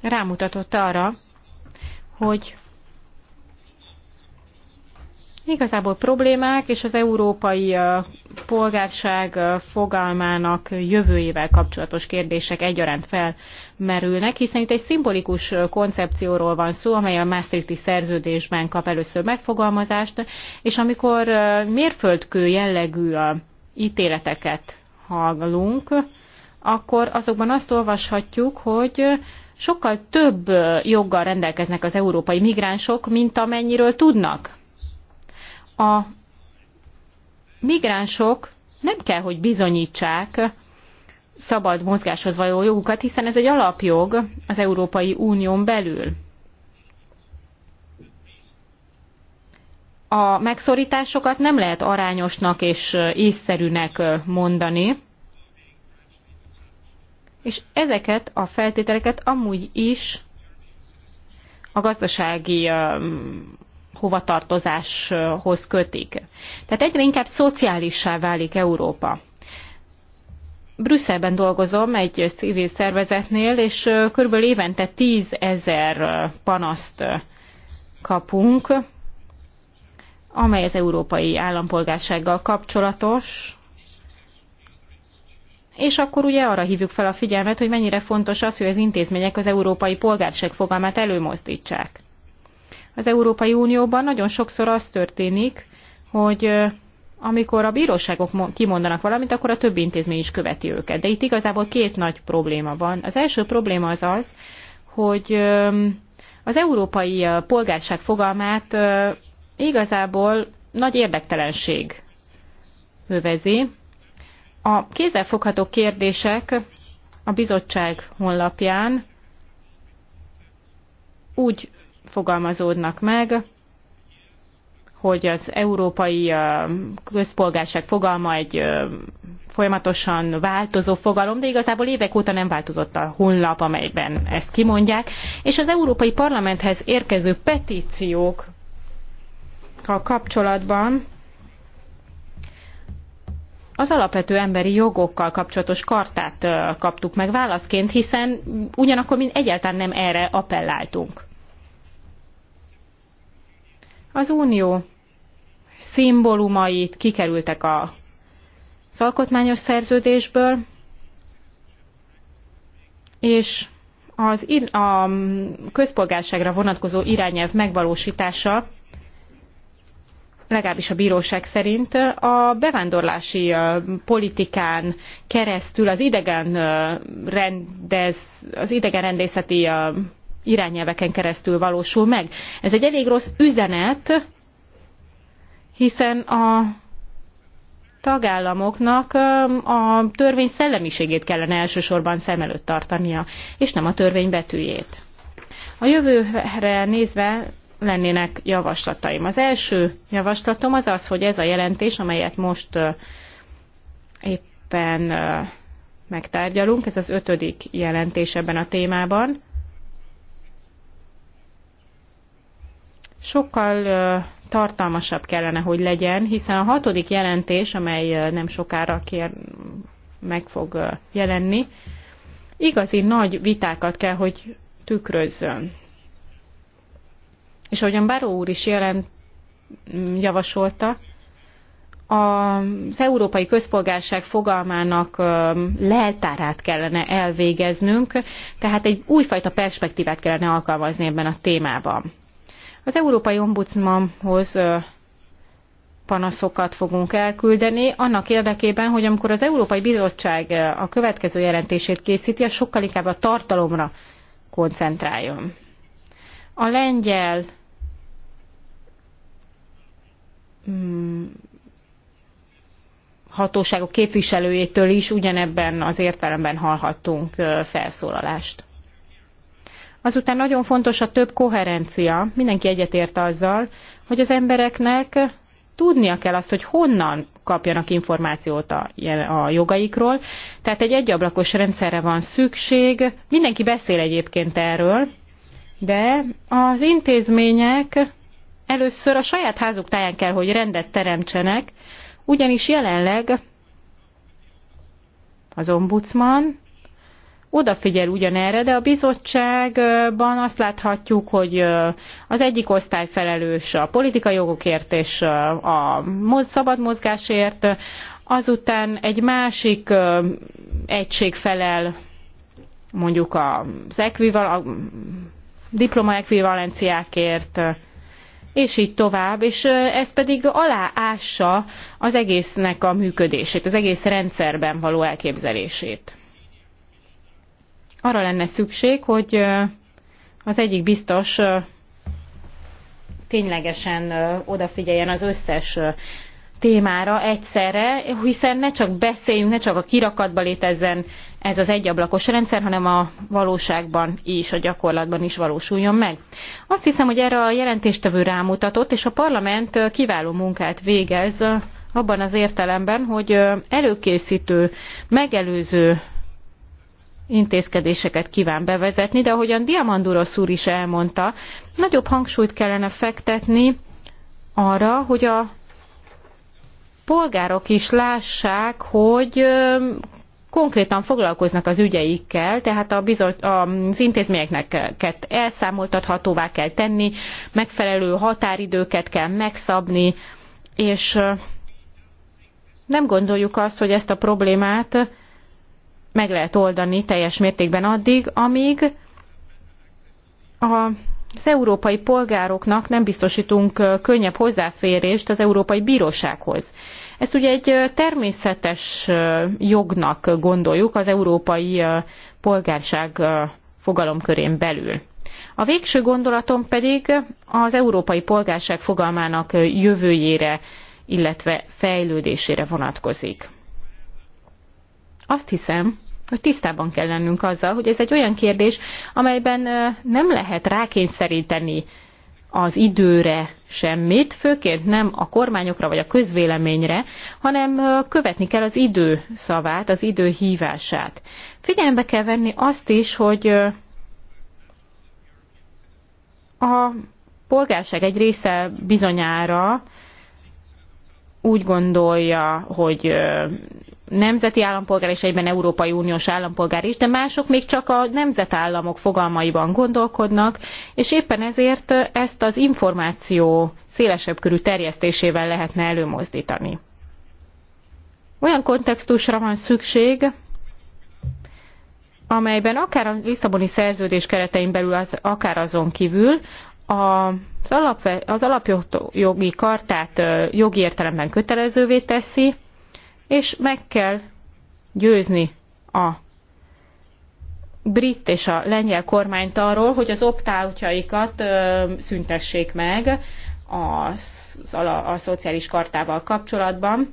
rámutatott arra, hogy igazából problémák és az európai polgárság fogalmának jövőjével kapcsolatos kérdések egyaránt felmerülnek, hiszen itt egy szimbolikus koncepcióról van szó, amely a Maastrichti szerződésben kap először megfogalmazást, és amikor mérföldkő jellegű ítéleteket hallunk, akkor azokban azt olvashatjuk, hogy sokkal több joggal rendelkeznek az európai migránsok, mint amennyiről tudnak. A migránsok nem kell, hogy bizonyítsák szabad mozgáshoz való jogukat, hiszen ez egy alapjog az Európai Unión belül. A megszorításokat nem lehet arányosnak és észszerűnek mondani, és ezeket a feltételeket amúgy is a gazdasági hovatartozáshoz kötik. Tehát egyre inkább szociálissá válik Európa. Brüsszelben dolgozom egy civil szervezetnél, és körülbelül évente tízezer panaszt kapunk, amely az európai állampolgársággal kapcsolatos, és akkor ugye arra hívjuk fel a figyelmet, hogy mennyire fontos az, hogy az intézmények az európai polgárság fogalmát előmozdítsák. Az Európai Unióban nagyon sokszor az történik, hogy amikor a bíróságok kimondanak valamit, akkor a többi intézmény is követi őket. De itt igazából két nagy probléma van. Az első probléma az az, hogy az európai polgárság fogalmát igazából nagy érdektelenség övezi, a kézzelfogható kérdések a bizottság honlapján úgy fogalmazódnak meg, hogy az európai közpolgárság fogalma egy folyamatosan változó fogalom, de igazából évek óta nem változott a honlap, amelyben ezt kimondják, és az Európai Parlamenthez érkező petíciók a kapcsolatban az alapvető emberi jogokkal kapcsolatos kartát kaptuk meg válaszként, hiszen ugyanakkor mi egyáltalán nem erre appelláltunk. Az unió szimbólumait kikerültek a szalkotmányos szerződésből, és az, a közpolgárságra vonatkozó irányelv megvalósítása legalábbis a bíróság szerint a bevándorlási politikán keresztül az idegen, rendez, az idegen rendészeti irányelveken keresztül valósul meg. Ez egy elég rossz üzenet, hiszen a tagállamoknak a törvény szellemiségét kellene elsősorban szem előtt tartania, és nem a törvény betűjét. A jövőre nézve lennének javaslataim. Az első javaslatom az az, hogy ez a jelentés, amelyet most éppen megtárgyalunk, ez az ötödik jelentés ebben a témában, sokkal tartalmasabb kellene, hogy legyen, hiszen a hatodik jelentés, amely nem sokára kér, meg fog jelenni, igazi nagy vitákat kell, hogy tükrözzön. És ahogyan Baró úr is jelent, mm, javasolta, az európai közpolgárság fogalmának leltárát kellene elvégeznünk, tehát egy újfajta perspektívát kellene alkalmazni ebben a témában. Az Európai Ombudsmanhoz panaszokat fogunk elküldeni, annak érdekében, hogy amikor az Európai Bizottság a következő jelentését készíti, az sokkal inkább a tartalomra koncentráljon. A lengyel Mm, hatóságok képviselőjétől is ugyanebben az értelemben hallhattunk felszólalást. Azután nagyon fontos a több koherencia. Mindenki egyetért azzal, hogy az embereknek tudnia kell azt, hogy honnan kapjanak információt a, a jogaikról. Tehát egy egyablakos rendszerre van szükség. Mindenki beszél egyébként erről, de az intézmények először a saját házuk táján kell, hogy rendet teremtsenek, ugyanis jelenleg az ombudsman odafigyel ugyanerre, de a bizottságban azt láthatjuk, hogy az egyik osztály felelős a politikai jogokért és a szabad mozgásért, azután egy másik egység felel mondjuk az ekvival, a diploma ekvivalenciákért, és így tovább, és ez pedig aláássa az egésznek a működését, az egész rendszerben való elképzelését. Arra lenne szükség, hogy az egyik biztos ténylegesen odafigyeljen az összes témára egyszerre, hiszen ne csak beszéljünk, ne csak a kirakatba létezzen ez az egyablakos rendszer, hanem a valóságban is, a gyakorlatban is valósuljon meg. Azt hiszem, hogy erre a jelentéstevő rámutatott, és a parlament kiváló munkát végez abban az értelemben, hogy előkészítő, megelőző intézkedéseket kíván bevezetni, de ahogyan Diamandurosz úr is elmondta, nagyobb hangsúlyt kellene fektetni arra, hogy a polgárok is lássák, hogy konkrétan foglalkoznak az ügyeikkel, tehát a bizot, az intézményeknek elszámoltathatóvá kell tenni, megfelelő határidőket kell megszabni, és nem gondoljuk azt, hogy ezt a problémát meg lehet oldani teljes mértékben addig, amíg a az európai polgároknak nem biztosítunk könnyebb hozzáférést az Európai Bírósághoz. Ezt ugye egy természetes jognak gondoljuk az európai polgárság fogalomkörén belül. A végső gondolatom pedig az európai polgárság fogalmának jövőjére, illetve fejlődésére vonatkozik. Azt hiszem, hogy tisztában kell lennünk azzal, hogy ez egy olyan kérdés, amelyben nem lehet rákényszeríteni az időre semmit, főként nem a kormányokra vagy a közvéleményre, hanem követni kell az idő szavát, az idő hívását. Figyelembe kell venni azt is, hogy a polgárság egy része bizonyára úgy gondolja, hogy nemzeti állampolgár és egyben Európai Uniós állampolgár is, de mások még csak a nemzetállamok fogalmaiban gondolkodnak, és éppen ezért ezt az információ szélesebb körű terjesztésével lehetne előmozdítani. Olyan kontextusra van szükség, amelyben akár a Lisszaboni szerződés keretein belül, az, akár azon kívül az, alapve, az alapjogi kartát jogi értelemben kötelezővé teszi, és meg kell győzni a brit és a lengyel kormányt arról, hogy az optáutjaikat szüntessék meg a, a, a szociális kartával kapcsolatban,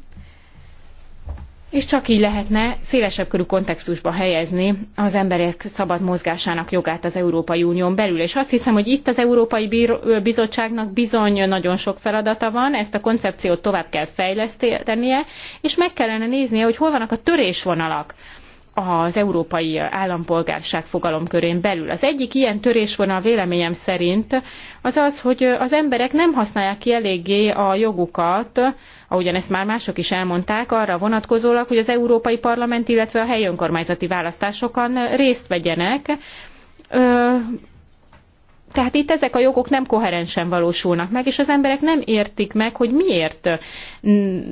és csak így lehetne szélesebb körű kontextusba helyezni az emberek szabad mozgásának jogát az Európai Unión belül. És azt hiszem, hogy itt az Európai Bizottságnak bizony nagyon sok feladata van, ezt a koncepciót tovább kell fejlesztenie, és meg kellene néznie, hogy hol vannak a törésvonalak az európai állampolgárság fogalomkörén belül. Az egyik ilyen törésvonal véleményem szerint az az, hogy az emberek nem használják ki eléggé a jogukat, ahogyan ezt már mások is elmondták, arra vonatkozólag, hogy az Európai Parlament, illetve a helyi önkormányzati választásokon részt vegyenek, tehát itt ezek a jogok nem koherensen valósulnak meg, és az emberek nem értik meg, hogy miért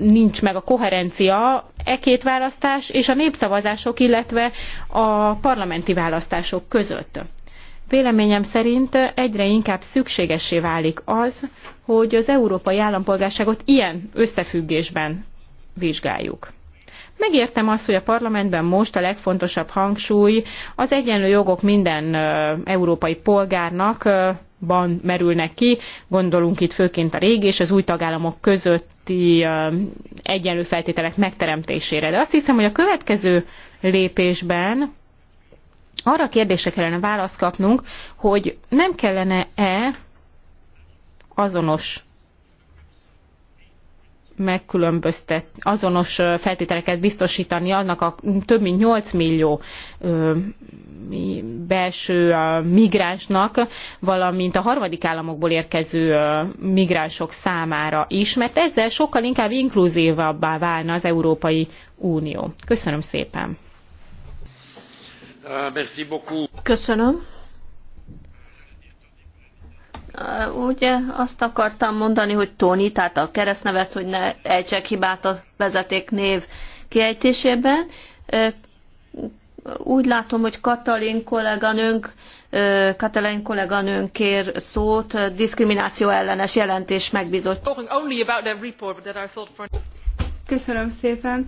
nincs meg a koherencia e két választás és a népszavazások, illetve a parlamenti választások között. Véleményem szerint egyre inkább szükségessé válik az, hogy az európai állampolgárságot ilyen összefüggésben vizsgáljuk. Megértem azt, hogy a parlamentben most a legfontosabb hangsúly az egyenlő jogok minden európai polgárnak ban merülnek ki, gondolunk itt főként a régi és az új tagállamok közötti egyenlő feltételek megteremtésére. De azt hiszem, hogy a következő lépésben arra a kérdésre kellene választ kapnunk, hogy nem kellene-e azonos megkülönböztet, azonos feltételeket biztosítani annak a több mint 8 millió belső migránsnak, valamint a harmadik államokból érkező migránsok számára is, mert ezzel sokkal inkább inkluzívabbá válna az Európai Unió. Köszönöm szépen! Köszönöm. Ugye azt akartam mondani, hogy Tony, tehát a keresztnevet, hogy ne ejtsek hibát a vezeték név kiejtésében. Úgy látom, hogy Katalin kolléganőnk Katalin kolléganőnk kér szót, diszkrimináció ellenes jelentés megbizott. Köszönöm szépen.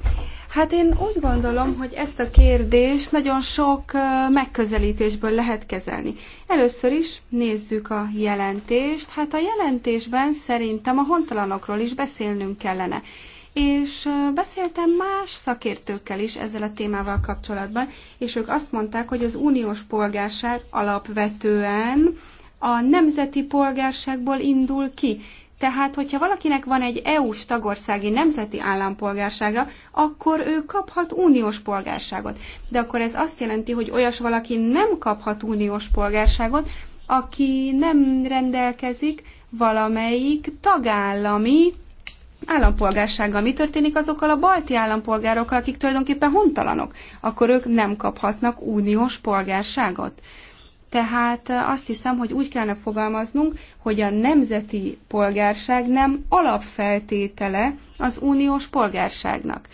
Hát én úgy gondolom, hogy ezt a kérdést nagyon sok megközelítésből lehet kezelni. Először is nézzük a jelentést. Hát a jelentésben szerintem a hontalanokról is beszélnünk kellene. És beszéltem más szakértőkkel is ezzel a témával kapcsolatban, és ők azt mondták, hogy az uniós polgárság alapvetően a nemzeti polgárságból indul ki, tehát, hogyha valakinek van egy EU-s tagországi nemzeti állampolgársága, akkor ő kaphat uniós polgárságot. De akkor ez azt jelenti, hogy olyas valaki nem kaphat uniós polgárságot, aki nem rendelkezik valamelyik tagállami állampolgársággal. Mi történik azokkal a balti állampolgárokkal, akik tulajdonképpen hontalanok? Akkor ők nem kaphatnak uniós polgárságot. Tehát azt hiszem, hogy úgy kellene fogalmaznunk, hogy a nemzeti polgárság nem alapfeltétele az uniós polgárságnak.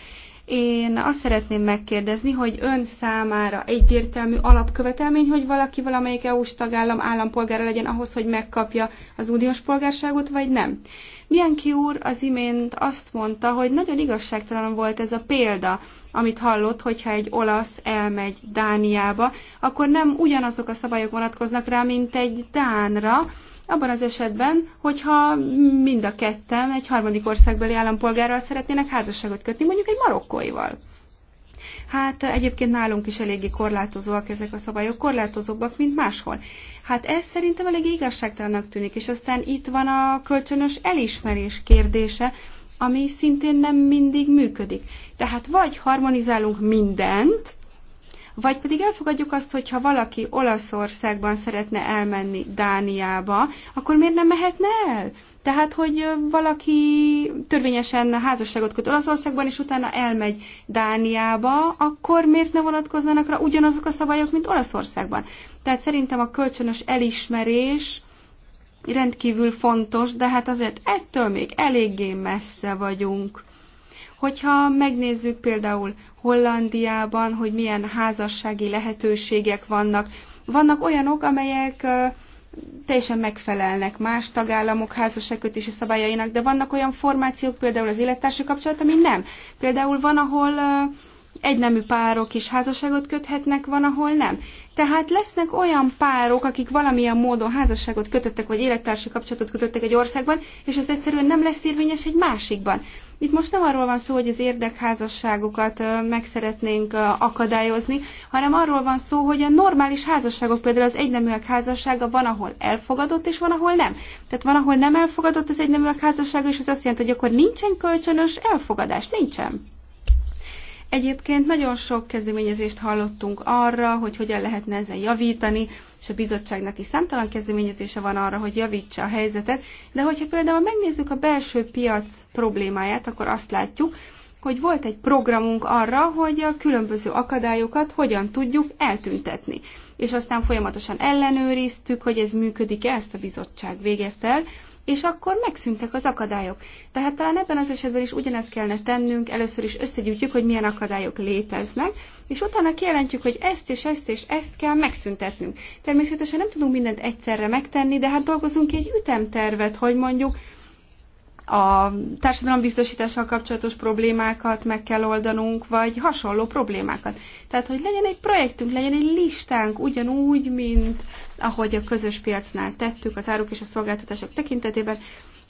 Én azt szeretném megkérdezni, hogy ön számára egyértelmű alapkövetelmény, hogy valaki valamelyik EU-s tagállam állampolgára legyen ahhoz, hogy megkapja az uniós polgárságot, vagy nem? Bianchi úr az imént azt mondta, hogy nagyon igazságtalan volt ez a példa, amit hallott, hogyha egy olasz elmegy Dániába, akkor nem ugyanazok a szabályok vonatkoznak rá, mint egy Dánra, abban az esetben, hogyha mind a ketten egy harmadik országbeli állampolgárral szeretnének házasságot kötni, mondjuk egy marokkóival. Hát egyébként nálunk is eléggé korlátozóak ezek a szabályok, korlátozóbbak, mint máshol. Hát ez szerintem elég igazságtalannak tűnik, és aztán itt van a kölcsönös elismerés kérdése, ami szintén nem mindig működik. Tehát vagy harmonizálunk mindent, vagy pedig elfogadjuk azt, hogy ha valaki Olaszországban szeretne elmenni Dániába, akkor miért nem mehetne el? Tehát, hogy valaki törvényesen házasságot köt Olaszországban, és utána elmegy Dániába, akkor miért ne vonatkoznának rá ugyanazok a szabályok, mint Olaszországban? Tehát szerintem a kölcsönös elismerés rendkívül fontos, de hát azért ettől még eléggé messze vagyunk. Hogyha megnézzük például Hollandiában, hogy milyen házassági lehetőségek vannak, vannak olyanok, amelyek teljesen megfelelnek más tagállamok házasságkötési szabályainak, de vannak olyan formációk, például az élettársi kapcsolat, ami nem. Például van, ahol egynemű párok is házasságot köthetnek, van, ahol nem. Tehát lesznek olyan párok, akik valamilyen módon házasságot kötöttek, vagy élettársi kapcsolatot kötöttek egy országban, és ez egyszerűen nem lesz érvényes egy másikban. Itt most nem arról van szó, hogy az érdekházasságokat meg szeretnénk akadályozni, hanem arról van szó, hogy a normális házasságok, például az egyneműek házassága van, ahol elfogadott, és van, ahol nem. Tehát van, ahol nem elfogadott az egyneműek házassága, és az azt jelenti, hogy akkor nincsen kölcsönös elfogadás, nincsen. Egyébként nagyon sok kezdeményezést hallottunk arra, hogy hogyan lehetne ezen javítani, és a bizottságnak is számtalan kezdeményezése van arra, hogy javítsa a helyzetet, de hogyha például megnézzük a belső piac problémáját, akkor azt látjuk, hogy volt egy programunk arra, hogy a különböző akadályokat hogyan tudjuk eltüntetni. És aztán folyamatosan ellenőriztük, hogy ez működik-e, ezt a bizottság végezte el, és akkor megszűntek az akadályok. Tehát talán ebben az esetben is ugyanezt kellene tennünk, először is összegyűjtjük, hogy milyen akadályok léteznek, és utána kijelentjük, hogy ezt és ezt és ezt kell megszüntetnünk. Természetesen nem tudunk mindent egyszerre megtenni, de hát dolgozunk egy ütemtervet, hogy mondjuk a társadalombiztosítással kapcsolatos problémákat meg kell oldanunk, vagy hasonló problémákat. Tehát, hogy legyen egy projektünk, legyen egy listánk, ugyanúgy, mint ahogy a közös piacnál tettük az áruk és a szolgáltatások tekintetében,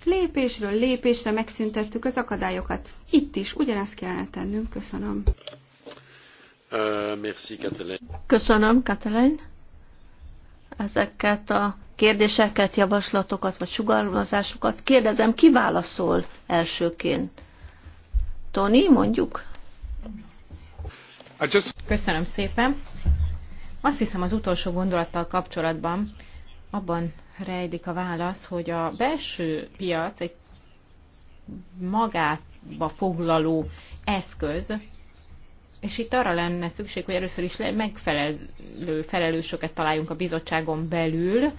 lépésről lépésre megszüntettük az akadályokat. Itt is ugyanezt kellene tennünk. Köszönöm. Uh, merci, Katalin. Köszönöm, Katalin ezeket a kérdéseket, javaslatokat vagy sugalmazásokat. Kérdezem, ki válaszol elsőként? Tony, mondjuk? Köszönöm szépen. Azt hiszem az utolsó gondolattal kapcsolatban abban rejlik a válasz, hogy a belső piac egy magába foglaló eszköz, és itt arra lenne szükség, hogy először is megfelelő felelősöket találjunk a bizottságon belül,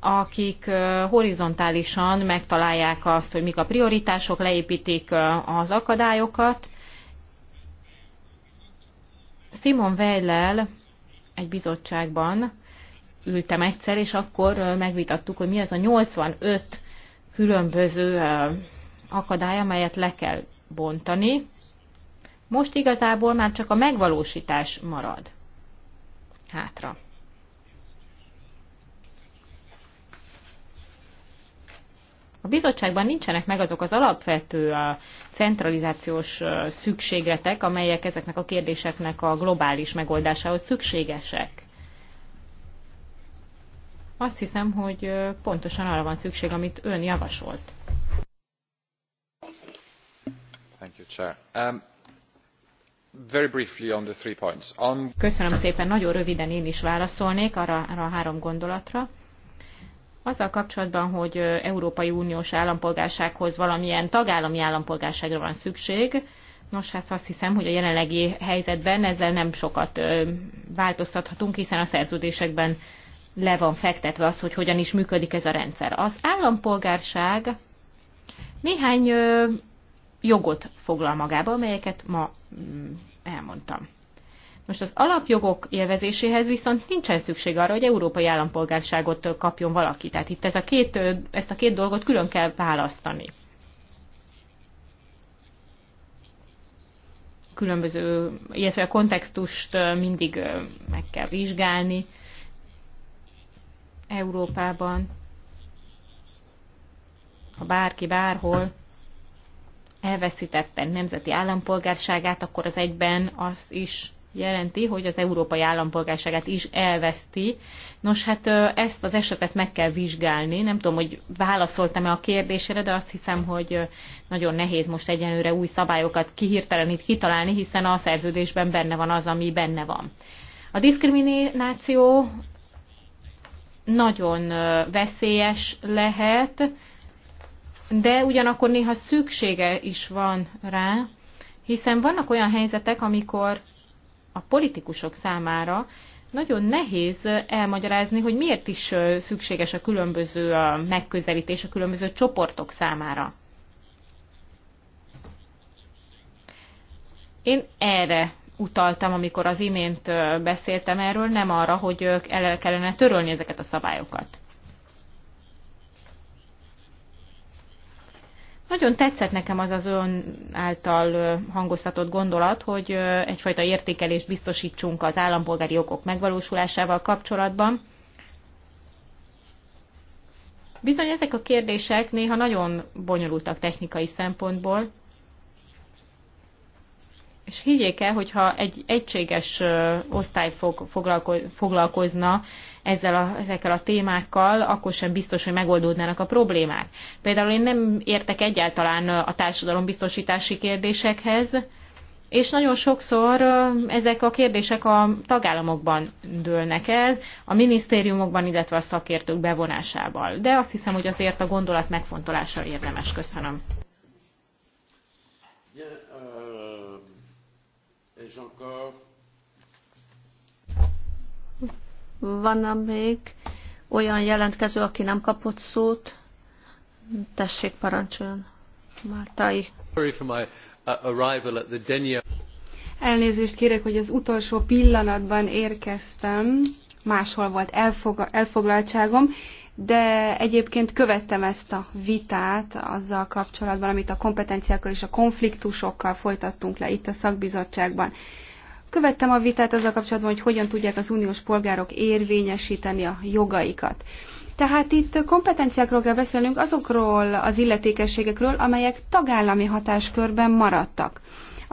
akik horizontálisan megtalálják azt, hogy mik a prioritások, leépítik az akadályokat. Simon Weillel egy bizottságban ültem egyszer, és akkor megvitattuk, hogy mi az a 85 különböző akadály, amelyet le kell bontani. Most igazából már csak a megvalósítás marad hátra. A bizottságban nincsenek meg azok az alapvető a centralizációs szükségletek, amelyek ezeknek a kérdéseknek a globális megoldásához szükségesek. Azt hiszem, hogy pontosan arra van szükség, amit ön javasolt. Thank you, Chair. Um, Köszönöm szépen, nagyon röviden én is válaszolnék arra, arra a három gondolatra. Azzal kapcsolatban, hogy Európai Uniós állampolgársághoz valamilyen tagállami állampolgárságra van szükség, nos hát azt hiszem, hogy a jelenlegi helyzetben ezzel nem sokat változtathatunk, hiszen a szerződésekben le van fektetve az, hogy hogyan is működik ez a rendszer. Az állampolgárság néhány jogot foglal magába, amelyeket ma mm, elmondtam. Most az alapjogok élvezéséhez viszont nincsen szükség arra, hogy európai állampolgárságot kapjon valaki. Tehát itt ez a két, ezt a két dolgot külön kell választani. Különböző, illetve a kontextust mindig meg kell vizsgálni Európában. Ha bárki bárhol elveszítette nemzeti állampolgárságát, akkor az egyben az is jelenti, hogy az európai állampolgárságát is elveszti. Nos, hát ezt az esetet meg kell vizsgálni. Nem tudom, hogy válaszoltam-e a kérdésére, de azt hiszem, hogy nagyon nehéz most egyenlőre új szabályokat kihirtelenít kitalálni, hiszen a szerződésben benne van az, ami benne van. A diszkrimináció nagyon veszélyes lehet, de ugyanakkor néha szüksége is van rá, hiszen vannak olyan helyzetek, amikor a politikusok számára nagyon nehéz elmagyarázni, hogy miért is szükséges a különböző megközelítés a különböző csoportok számára. Én erre utaltam, amikor az imént beszéltem erről, nem arra, hogy el kellene törölni ezeket a szabályokat. Nagyon tetszett nekem az az ön által hangoztatott gondolat, hogy egyfajta értékelést biztosítsunk az állampolgári jogok megvalósulásával kapcsolatban. Bizony ezek a kérdések néha nagyon bonyolultak technikai szempontból, és higgyék el, hogyha egy egységes osztály fog, foglalkozna ezzel a, ezekkel a témákkal, akkor sem biztos, hogy megoldódnának a problémák. Például én nem értek egyáltalán a társadalombiztosítási kérdésekhez, és nagyon sokszor ezek a kérdések a tagállamokban dőlnek el, a minisztériumokban, illetve a szakértők bevonásával. De azt hiszem, hogy azért a gondolat megfontolása érdemes. Köszönöm. Van még olyan jelentkező, aki nem kapott szót? Tessék, parancsoljon. Mártai. Uh, Elnézést kérek, hogy az utolsó pillanatban érkeztem, máshol volt elfoglaltságom, de egyébként követtem ezt a vitát azzal kapcsolatban, amit a kompetenciákkal és a konfliktusokkal folytattunk le itt a szakbizottságban. Követtem a vitát azzal kapcsolatban, hogy hogyan tudják az uniós polgárok érvényesíteni a jogaikat. Tehát itt kompetenciákról kell beszélnünk, azokról az illetékességekről, amelyek tagállami hatáskörben maradtak.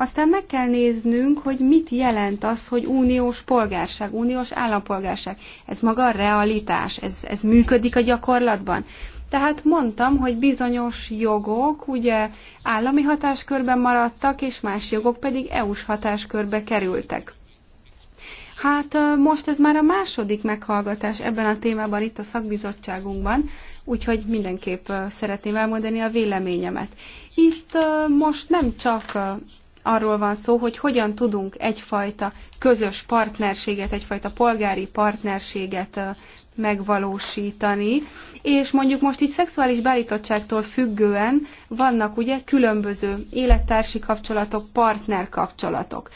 Aztán meg kell néznünk, hogy mit jelent az, hogy uniós polgárság, uniós állampolgárság. Ez maga a realitás, ez, ez működik a gyakorlatban. Tehát mondtam, hogy bizonyos jogok ugye állami hatáskörben maradtak, és más jogok pedig EU-s hatáskörbe kerültek. Hát most ez már a második meghallgatás ebben a témában itt a szakbizottságunkban, úgyhogy mindenképp szeretném elmondani a véleményemet. Itt most nem csak arról van szó, hogy hogyan tudunk egyfajta közös partnerséget, egyfajta polgári partnerséget megvalósítani. És mondjuk most itt szexuális beállítottságtól függően vannak ugye különböző élettársi kapcsolatok, partnerkapcsolatok.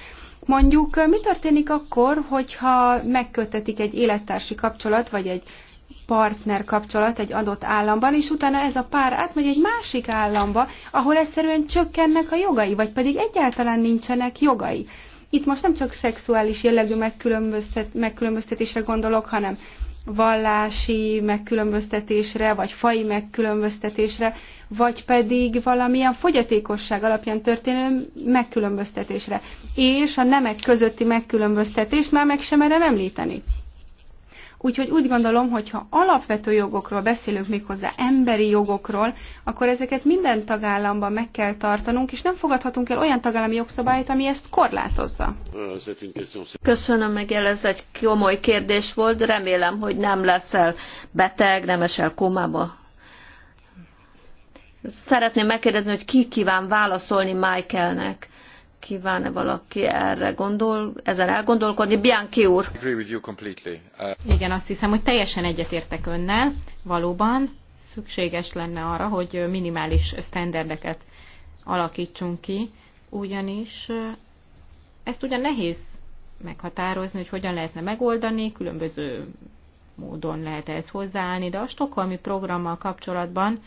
Mondjuk mi történik akkor, hogyha megkötetik egy élettársi kapcsolat, vagy egy partner kapcsolat egy adott államban, és utána ez a pár átmegy egy másik államba, ahol egyszerűen csökkennek a jogai, vagy pedig egyáltalán nincsenek jogai. Itt most nem csak szexuális jellegű megkülönböztet, megkülönböztetésre gondolok, hanem vallási megkülönböztetésre, vagy fai megkülönböztetésre, vagy pedig valamilyen fogyatékosság alapján történő megkülönböztetésre. És a nemek közötti megkülönböztetést már meg sem merem említeni. Úgyhogy úgy gondolom, hogy ha alapvető jogokról beszélünk méghozzá emberi jogokról, akkor ezeket minden tagállamban meg kell tartanunk, és nem fogadhatunk el olyan tagállami jogszabályt, ami ezt korlátozza. Köszönöm, meg ez egy komoly kérdés volt. Remélem, hogy nem leszel beteg, nem esel komába. Szeretném megkérdezni, hogy ki kíván válaszolni Michaelnek. Kíván-e valaki erre gondol, ezen elgondolkodni? Bianchi úr. Uh, Igen, azt hiszem, hogy teljesen egyetértek önnel. Valóban szükséges lenne arra, hogy minimális sztenderdeket alakítsunk ki, ugyanis uh, ezt ugyan nehéz meghatározni, hogy hogyan lehetne megoldani, különböző módon lehet ehhez hozzáállni, de a stokholmi programmal kapcsolatban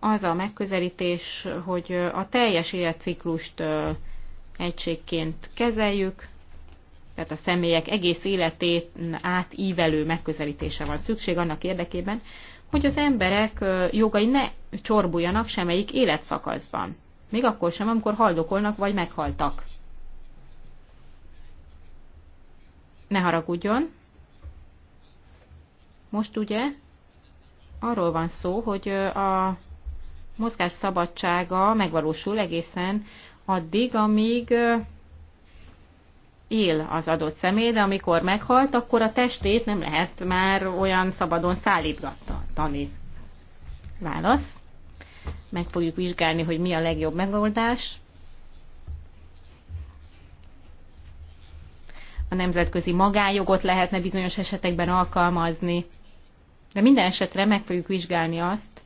az a megközelítés, hogy uh, a teljes életciklust egységként kezeljük, tehát a személyek egész életét átívelő megközelítése van szükség annak érdekében, hogy az emberek jogai ne csorbuljanak semmelyik életszakaszban. Még akkor sem, amikor haldokolnak vagy meghaltak. Ne haragudjon. Most ugye arról van szó, hogy a mozgás szabadsága megvalósul egészen addig, amíg él az adott személy, de amikor meghalt, akkor a testét nem lehet már olyan szabadon szállítgatni. Válasz. Meg fogjuk vizsgálni, hogy mi a legjobb megoldás. A nemzetközi magájogot lehetne bizonyos esetekben alkalmazni. De minden esetre meg fogjuk vizsgálni azt,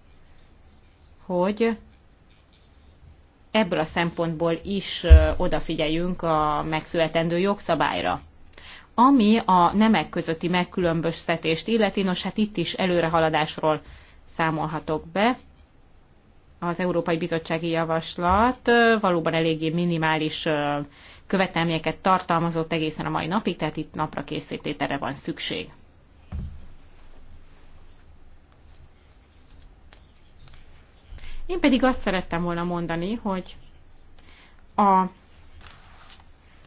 hogy ebből a szempontból is odafigyeljünk a megszületendő jogszabályra. Ami a nemek közötti megkülönböztetést illeti, nos hát itt is előrehaladásról számolhatok be. Az Európai Bizottsági Javaslat valóban eléggé minimális követelményeket tartalmazott egészen a mai napig, tehát itt napra készítétere van szükség. Én pedig azt szerettem volna mondani, hogy a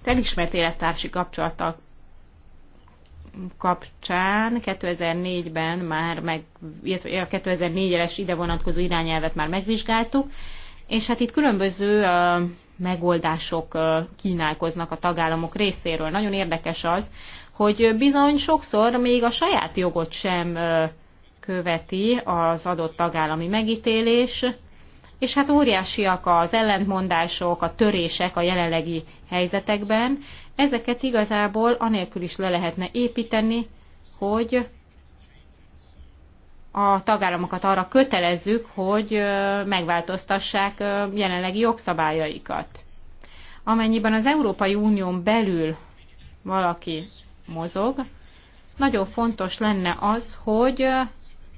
elismert élettársi kapcsolata kapcsán 2004-ben már meg, illetve a 2004-es ide vonatkozó irányelvet már megvizsgáltuk, és hát itt különböző uh, megoldások uh, kínálkoznak a tagállamok részéről. Nagyon érdekes az, hogy bizony sokszor még a saját jogot sem uh, követi az adott tagállami megítélés, és hát óriásiak az ellentmondások, a törések a jelenlegi helyzetekben. Ezeket igazából anélkül is le lehetne építeni, hogy a tagállamokat arra kötelezzük, hogy megváltoztassák jelenlegi jogszabályaikat. Amennyiben az Európai Unión belül valaki mozog, nagyon fontos lenne az, hogy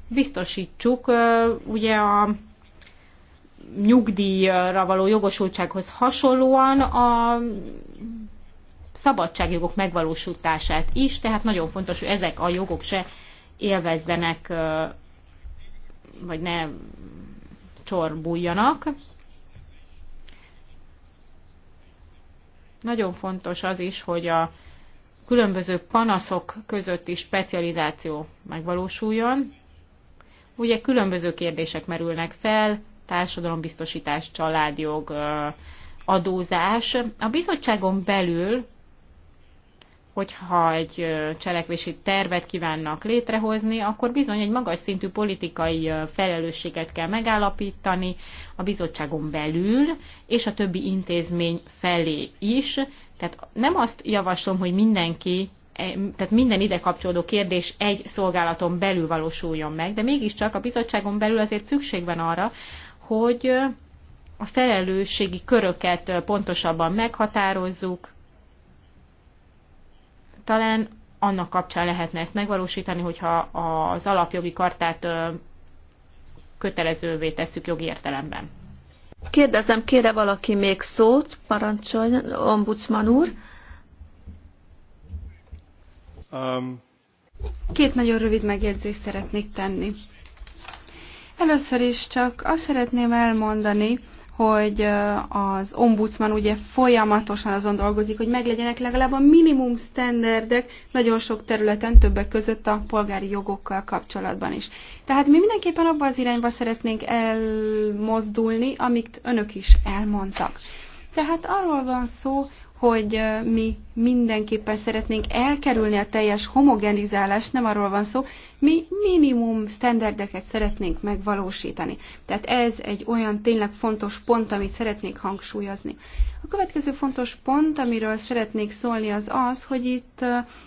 biztosítsuk ugye a nyugdíjra való jogosultsághoz hasonlóan a szabadságjogok megvalósítását is, tehát nagyon fontos, hogy ezek a jogok se élvezzenek, vagy ne csorbuljanak. Nagyon fontos az is, hogy a különböző panaszok közötti specializáció megvalósuljon. Ugye különböző kérdések merülnek fel, társadalombiztosítás, családjog, adózás. A bizottságon belül, hogyha egy cselekvési tervet kívánnak létrehozni, akkor bizony egy magas szintű politikai felelősséget kell megállapítani a bizottságon belül, és a többi intézmény felé is. Tehát nem azt javaslom, hogy mindenki e, tehát minden ide kapcsolódó kérdés egy szolgálaton belül valósuljon meg, de mégiscsak a bizottságon belül azért szükség van arra, hogy a felelősségi köröket pontosabban meghatározzuk. Talán annak kapcsán lehetne ezt megvalósítani, hogyha az alapjogi kartát kötelezővé tesszük jogi értelemben. Kérdezem, kére valaki még szót? parancsolj, ombudsman úr. Um. Két nagyon rövid megjegyzést szeretnék tenni. Először is csak azt szeretném elmondani, hogy az ombudsman ugye folyamatosan azon dolgozik, hogy meglegyenek legalább a minimum standardek nagyon sok területen, többek között a polgári jogokkal kapcsolatban is. Tehát mi mindenképpen abba az irányba szeretnénk elmozdulni, amit önök is elmondtak. Tehát arról van szó, hogy mi mindenképpen szeretnénk elkerülni a teljes homogenizálást, nem arról van szó, mi minimum standardeket szeretnénk megvalósítani. Tehát ez egy olyan tényleg fontos pont, amit szeretnék hangsúlyozni. A következő fontos pont, amiről szeretnék szólni, az az, hogy itt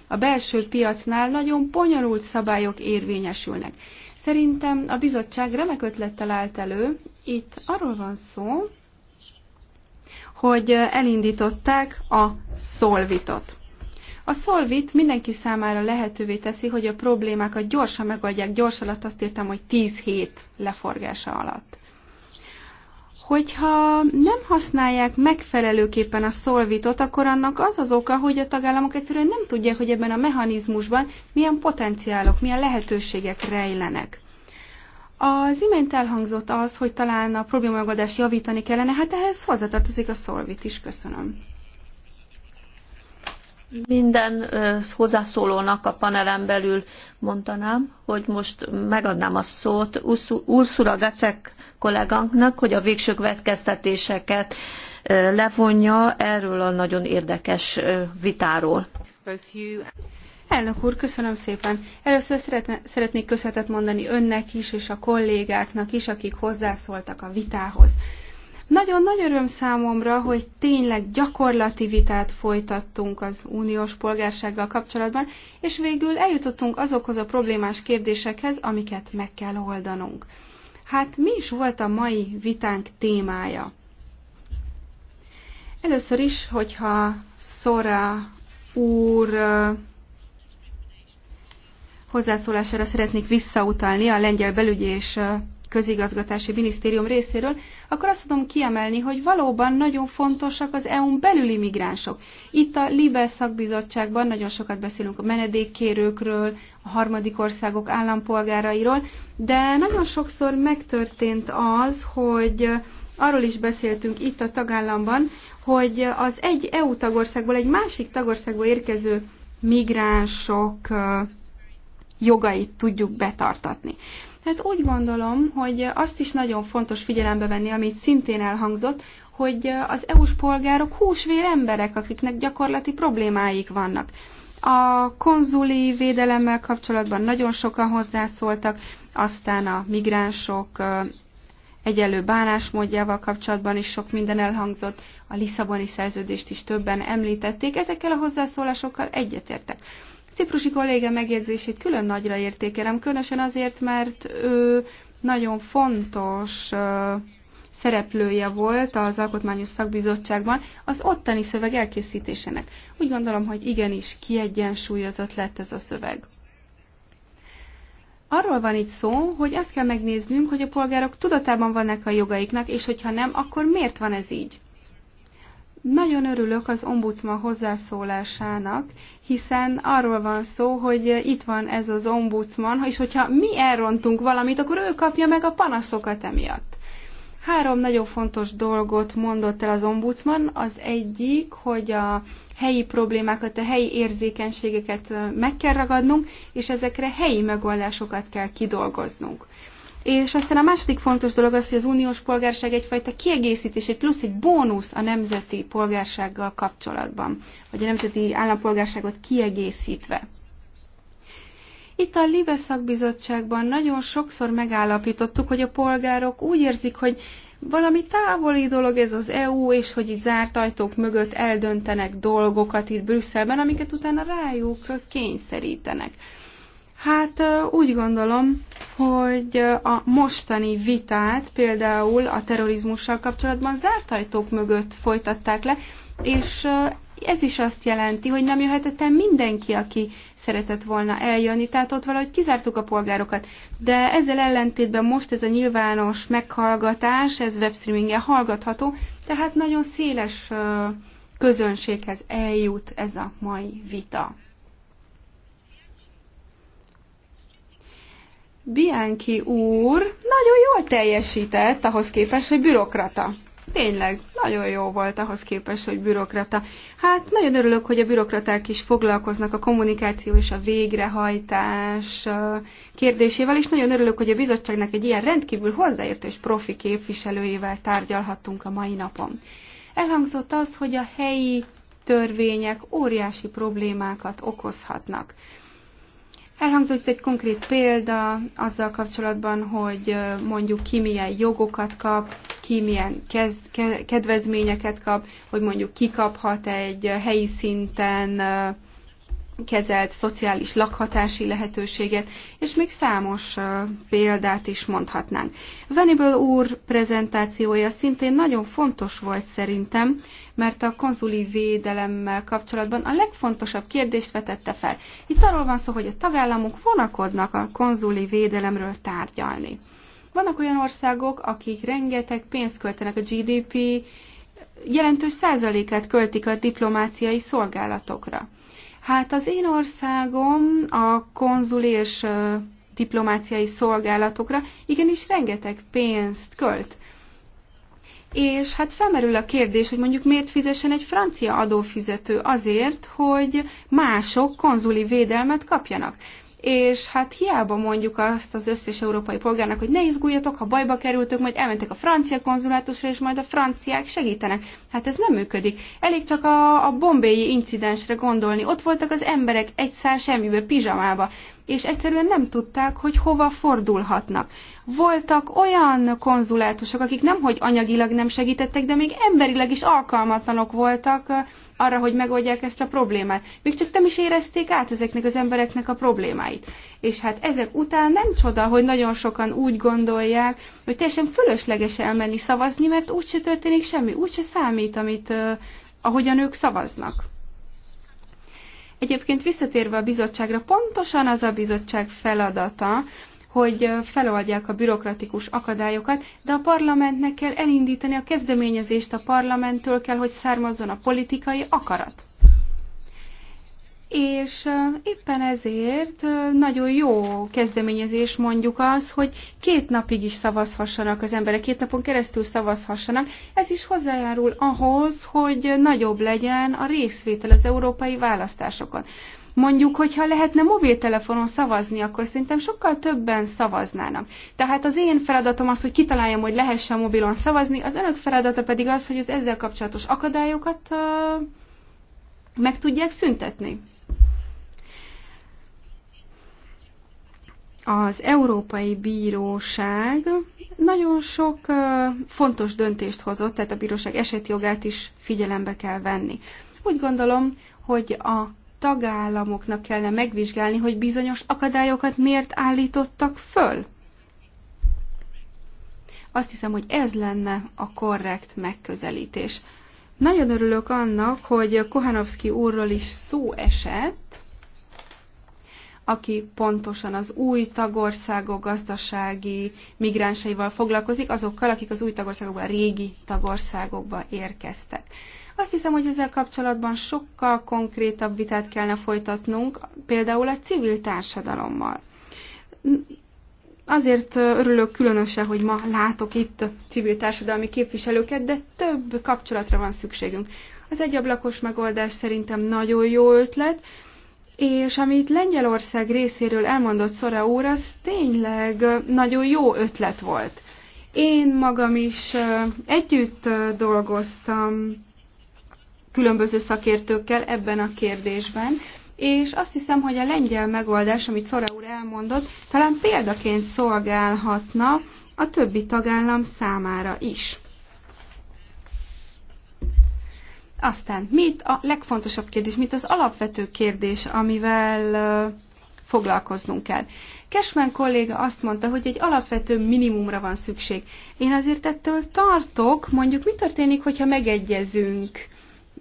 a belső piacnál nagyon bonyolult szabályok érvényesülnek. Szerintem a bizottság remek ötlettel állt elő. Itt arról van szó, hogy elindították a szolvitot. A szolvit mindenki számára lehetővé teszi, hogy a problémákat gyorsan megoldják. Gyors alatt azt írtam, hogy 10 hét leforgása alatt. Hogyha nem használják megfelelőképpen a szolvitot, akkor annak az az oka, hogy a tagállamok egyszerűen nem tudják, hogy ebben a mechanizmusban milyen potenciálok, milyen lehetőségek rejlenek. Az imént elhangzott az, hogy talán a problémagoldást javítani kellene, hát ehhez hozzátartozik a Szolvit is, köszönöm. Minden hozzászólónak a panelen belül mondanám, hogy most megadnám a szót Ursula Gacek kollégánknak, hogy a végső következtetéseket levonja erről a nagyon érdekes vitáról. Elnök úr, köszönöm szépen. Először szeretne, szeretnék köszönetet mondani önnek is, és a kollégáknak is, akik hozzászóltak a vitához. Nagyon nagy öröm számomra, hogy tényleg gyakorlati vitát folytattunk az uniós polgársággal kapcsolatban, és végül eljutottunk azokhoz a problémás kérdésekhez, amiket meg kell oldanunk. Hát mi is volt a mai vitánk témája? Először is, hogyha Szora úr hozzászólására szeretnék visszautalni a lengyel belügyi és közigazgatási minisztérium részéről, akkor azt tudom kiemelni, hogy valóban nagyon fontosak az EU-n belüli migránsok. Itt a Libel szakbizottságban nagyon sokat beszélünk a menedékkérőkről, a harmadik országok állampolgárairól, de nagyon sokszor megtörtént az, hogy arról is beszéltünk itt a tagállamban, hogy az egy EU tagországból egy másik tagországból érkező migránsok jogait tudjuk betartatni. Hát úgy gondolom, hogy azt is nagyon fontos figyelembe venni, amit szintén elhangzott, hogy az EU-s polgárok húsvér emberek, akiknek gyakorlati problémáik vannak. A konzuli védelemmel kapcsolatban nagyon sokan hozzászóltak, aztán a migránsok egyenlő bánásmódjával kapcsolatban is sok minden elhangzott, a Lisszaboni szerződést is többen említették, ezekkel a hozzászólásokkal egyetértek. Ciprusi kolléga megjegyzését külön nagyra értékelem, különösen azért, mert ő nagyon fontos szereplője volt az Alkotmányos Szakbizottságban az ottani szöveg elkészítésének. Úgy gondolom, hogy igenis kiegyensúlyozott lett ez a szöveg. Arról van itt szó, hogy azt kell megnéznünk, hogy a polgárok tudatában vannak a jogaiknak, és hogyha nem, akkor miért van ez így? Nagyon örülök az ombudsman hozzászólásának, hiszen arról van szó, hogy itt van ez az ombudsman, és hogyha mi elrontunk valamit, akkor ő kapja meg a panaszokat emiatt. Három nagyon fontos dolgot mondott el az ombudsman. Az egyik, hogy a helyi problémákat, a helyi érzékenységeket meg kell ragadnunk, és ezekre helyi megoldásokat kell kidolgoznunk. És aztán a második fontos dolog az, hogy az uniós polgárság egyfajta kiegészítés, egy plusz, egy bónusz a nemzeti polgársággal kapcsolatban, vagy a nemzeti állampolgárságot kiegészítve. Itt a Libe szakbizottságban nagyon sokszor megállapítottuk, hogy a polgárok úgy érzik, hogy valami távoli dolog ez az EU, és hogy itt zárt ajtók mögött eldöntenek dolgokat itt Brüsszelben, amiket utána rájuk kényszerítenek. Hát úgy gondolom, hogy a mostani vitát például a terrorizmussal kapcsolatban zárt ajtók mögött folytatták le, és ez is azt jelenti, hogy nem jöhetett el mindenki, aki szeretett volna eljönni, tehát ott valahogy kizártuk a polgárokat. De ezzel ellentétben most ez a nyilvános meghallgatás, ez webstreamingen hallgatható, tehát nagyon széles közönséghez eljut ez a mai vita. Bianchi úr nagyon jól teljesített ahhoz képest, hogy bürokrata. Tényleg, nagyon jó volt ahhoz képest, hogy bürokrata. Hát nagyon örülök, hogy a bürokraták is foglalkoznak a kommunikáció és a végrehajtás kérdésével, és nagyon örülök, hogy a bizottságnak egy ilyen rendkívül hozzáértő és profi képviselőjével tárgyalhattunk a mai napon. Elhangzott az, hogy a helyi törvények óriási problémákat okozhatnak. Elhangzott egy konkrét példa azzal kapcsolatban, hogy mondjuk ki milyen jogokat kap, ki milyen kez, ke, kedvezményeket kap, hogy mondjuk ki kaphat egy helyi szinten kezelt szociális lakhatási lehetőséget, és még számos példát is mondhatnánk. Venable úr prezentációja szintén nagyon fontos volt szerintem, mert a konzuli védelemmel kapcsolatban a legfontosabb kérdést vetette fel. Itt arról van szó, hogy a tagállamok vonakodnak a konzuli védelemről tárgyalni. Vannak olyan országok, akik rengeteg pénzt költenek a GDP, jelentős százalékát költik a diplomáciai szolgálatokra. Hát az én országom a konzuli és diplomáciai szolgálatokra igenis rengeteg pénzt költ. És hát felmerül a kérdés, hogy mondjuk miért fizessen egy francia adófizető azért, hogy mások konzuli védelmet kapjanak és hát hiába mondjuk azt az összes európai polgárnak, hogy ne izguljatok, ha bajba kerültök, majd elmentek a francia konzulátusra, és majd a franciák segítenek. Hát ez nem működik. Elég csak a, a bombéi incidensre gondolni. Ott voltak az emberek egy szár semmibe, pizsamába, és egyszerűen nem tudták, hogy hova fordulhatnak. Voltak olyan konzulátusok, akik nemhogy anyagilag nem segítettek, de még emberileg is alkalmatlanok voltak arra, hogy megoldják ezt a problémát. Még csak nem is érezték át ezeknek az embereknek a problémáit. És hát ezek után nem csoda, hogy nagyon sokan úgy gondolják, hogy teljesen fölösleges elmenni szavazni, mert úgyse történik semmi, úgyse számít, amit, uh, ahogyan ők szavaznak. Egyébként visszatérve a bizottságra, pontosan az a bizottság feladata, hogy feloldják a bürokratikus akadályokat, de a parlamentnek kell elindítani a kezdeményezést, a parlamenttől kell, hogy származzon a politikai akarat. És éppen ezért nagyon jó kezdeményezés mondjuk az, hogy két napig is szavazhassanak az emberek, két napon keresztül szavazhassanak. Ez is hozzájárul ahhoz, hogy nagyobb legyen a részvétel az európai választásokon. Mondjuk, hogyha lehetne mobiltelefonon szavazni, akkor szerintem sokkal többen szavaznának. Tehát az én feladatom az, hogy kitaláljam, hogy lehessen mobilon szavazni, az önök feladata pedig az, hogy az ezzel kapcsolatos akadályokat uh, meg tudják szüntetni. az Európai Bíróság nagyon sok fontos döntést hozott, tehát a bíróság esetjogát is figyelembe kell venni. Úgy gondolom, hogy a tagállamoknak kellene megvizsgálni, hogy bizonyos akadályokat miért állítottak föl. Azt hiszem, hogy ez lenne a korrekt megközelítés. Nagyon örülök annak, hogy Kohanovski úrról is szó esett, aki pontosan az új tagországok gazdasági migránsaival foglalkozik, azokkal, akik az új tagországokban, a régi tagországokba érkeztek. Azt hiszem, hogy ezzel kapcsolatban sokkal konkrétabb vitát kellene folytatnunk, például a civil társadalommal. Azért örülök különösen, hogy ma látok itt civil társadalmi képviselőket, de több kapcsolatra van szükségünk. Az egyablakos megoldás szerintem nagyon jó ötlet, és amit Lengyelország részéről elmondott Szora úr, az tényleg nagyon jó ötlet volt. Én magam is együtt dolgoztam különböző szakértőkkel ebben a kérdésben, és azt hiszem, hogy a lengyel megoldás, amit Szora úr elmondott, talán példaként szolgálhatna a többi tagállam számára is. Aztán mit a legfontosabb kérdés, mit az alapvető kérdés, amivel foglalkoznunk kell. Kesmen kolléga azt mondta, hogy egy alapvető minimumra van szükség. Én azért ettől tartok, mondjuk mi történik, hogyha megegyezünk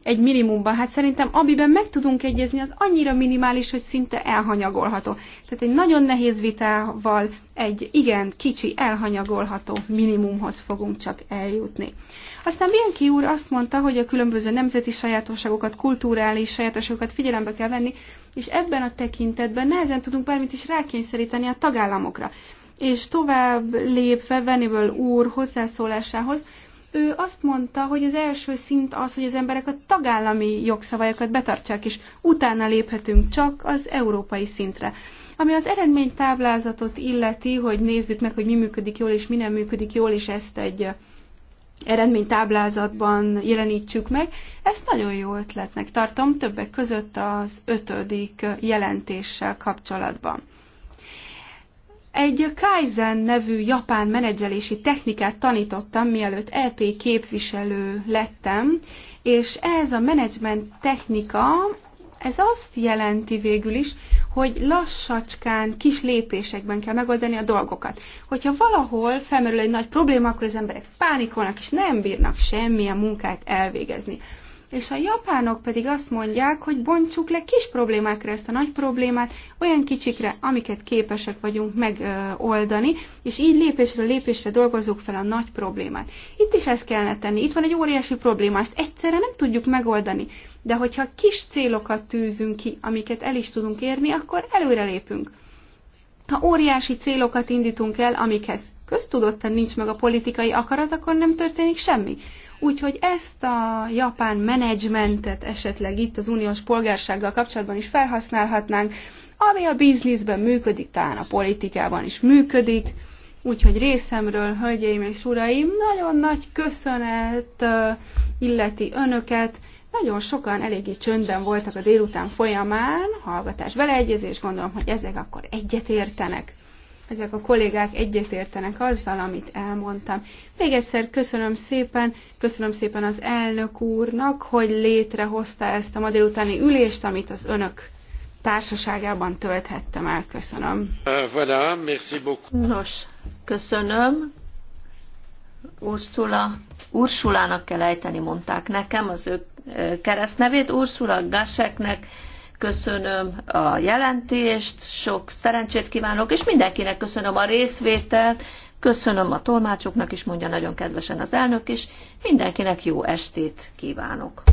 egy minimumban. Hát szerintem amiben meg tudunk egyezni, az annyira minimális, hogy szinte elhanyagolható. Tehát egy nagyon nehéz vitával egy igen kicsi, elhanyagolható minimumhoz fogunk csak eljutni. Aztán Bianchi úr azt mondta, hogy a különböző nemzeti sajátosságokat, kulturális sajátosságokat figyelembe kell venni, és ebben a tekintetben nehezen tudunk bármit is rákényszeríteni a tagállamokra. És tovább lépve Veniből úr hozzászólásához, ő azt mondta, hogy az első szint az, hogy az emberek a tagállami jogszabályokat betartsák, és utána léphetünk csak az európai szintre. Ami az eredménytáblázatot illeti, hogy nézzük meg, hogy mi működik jól és mi nem működik jól, és ezt egy eredménytáblázatban jelenítsük meg. Ezt nagyon jó ötletnek tartom, többek között az ötödik jelentéssel kapcsolatban. Egy Kaizen nevű japán menedzselési technikát tanítottam, mielőtt EP képviselő lettem, és ez a menedzsment technika, ez azt jelenti végül is, hogy lassacskán, kis lépésekben kell megoldani a dolgokat. Hogyha valahol felmerül egy nagy probléma, akkor az emberek pánikolnak, és nem bírnak semmilyen munkát elvégezni és a japánok pedig azt mondják, hogy bontsuk le kis problémákra ezt a nagy problémát, olyan kicsikre, amiket képesek vagyunk megoldani, és így lépésről lépésre dolgozzuk fel a nagy problémát. Itt is ezt kellene tenni. Itt van egy óriási probléma, ezt egyszerre nem tudjuk megoldani. De hogyha kis célokat tűzünk ki, amiket el is tudunk érni, akkor előrelépünk. Ha óriási célokat indítunk el, amikhez köztudottan nincs meg a politikai akarat, akkor nem történik semmi. Úgyhogy ezt a japán menedzsmentet esetleg itt az uniós polgársággal kapcsolatban is felhasználhatnánk, ami a bizniszben működik, talán a politikában is működik. Úgyhogy részemről, hölgyeim és uraim, nagyon nagy köszönet illeti önöket. Nagyon sokan eléggé csöndben voltak a délután folyamán, hallgatás beleegyezés, gondolom, hogy ezek akkor egyetértenek ezek a kollégák egyetértenek azzal, amit elmondtam. Még egyszer köszönöm szépen, köszönöm szépen az elnök úrnak, hogy létrehozta ezt a ma délutáni ülést, amit az önök társaságában tölthettem el. Köszönöm. Uh, voilà, merci beaucoup. Nos, köszönöm. Ursula, Ursulának kell ejteni, mondták nekem az ő uh, keresztnevét. Ursula Gaseknek köszönöm a jelentést, sok szerencsét kívánok, és mindenkinek köszönöm a részvételt, köszönöm a tolmácsoknak is, mondja nagyon kedvesen az elnök is, mindenkinek jó estét kívánok.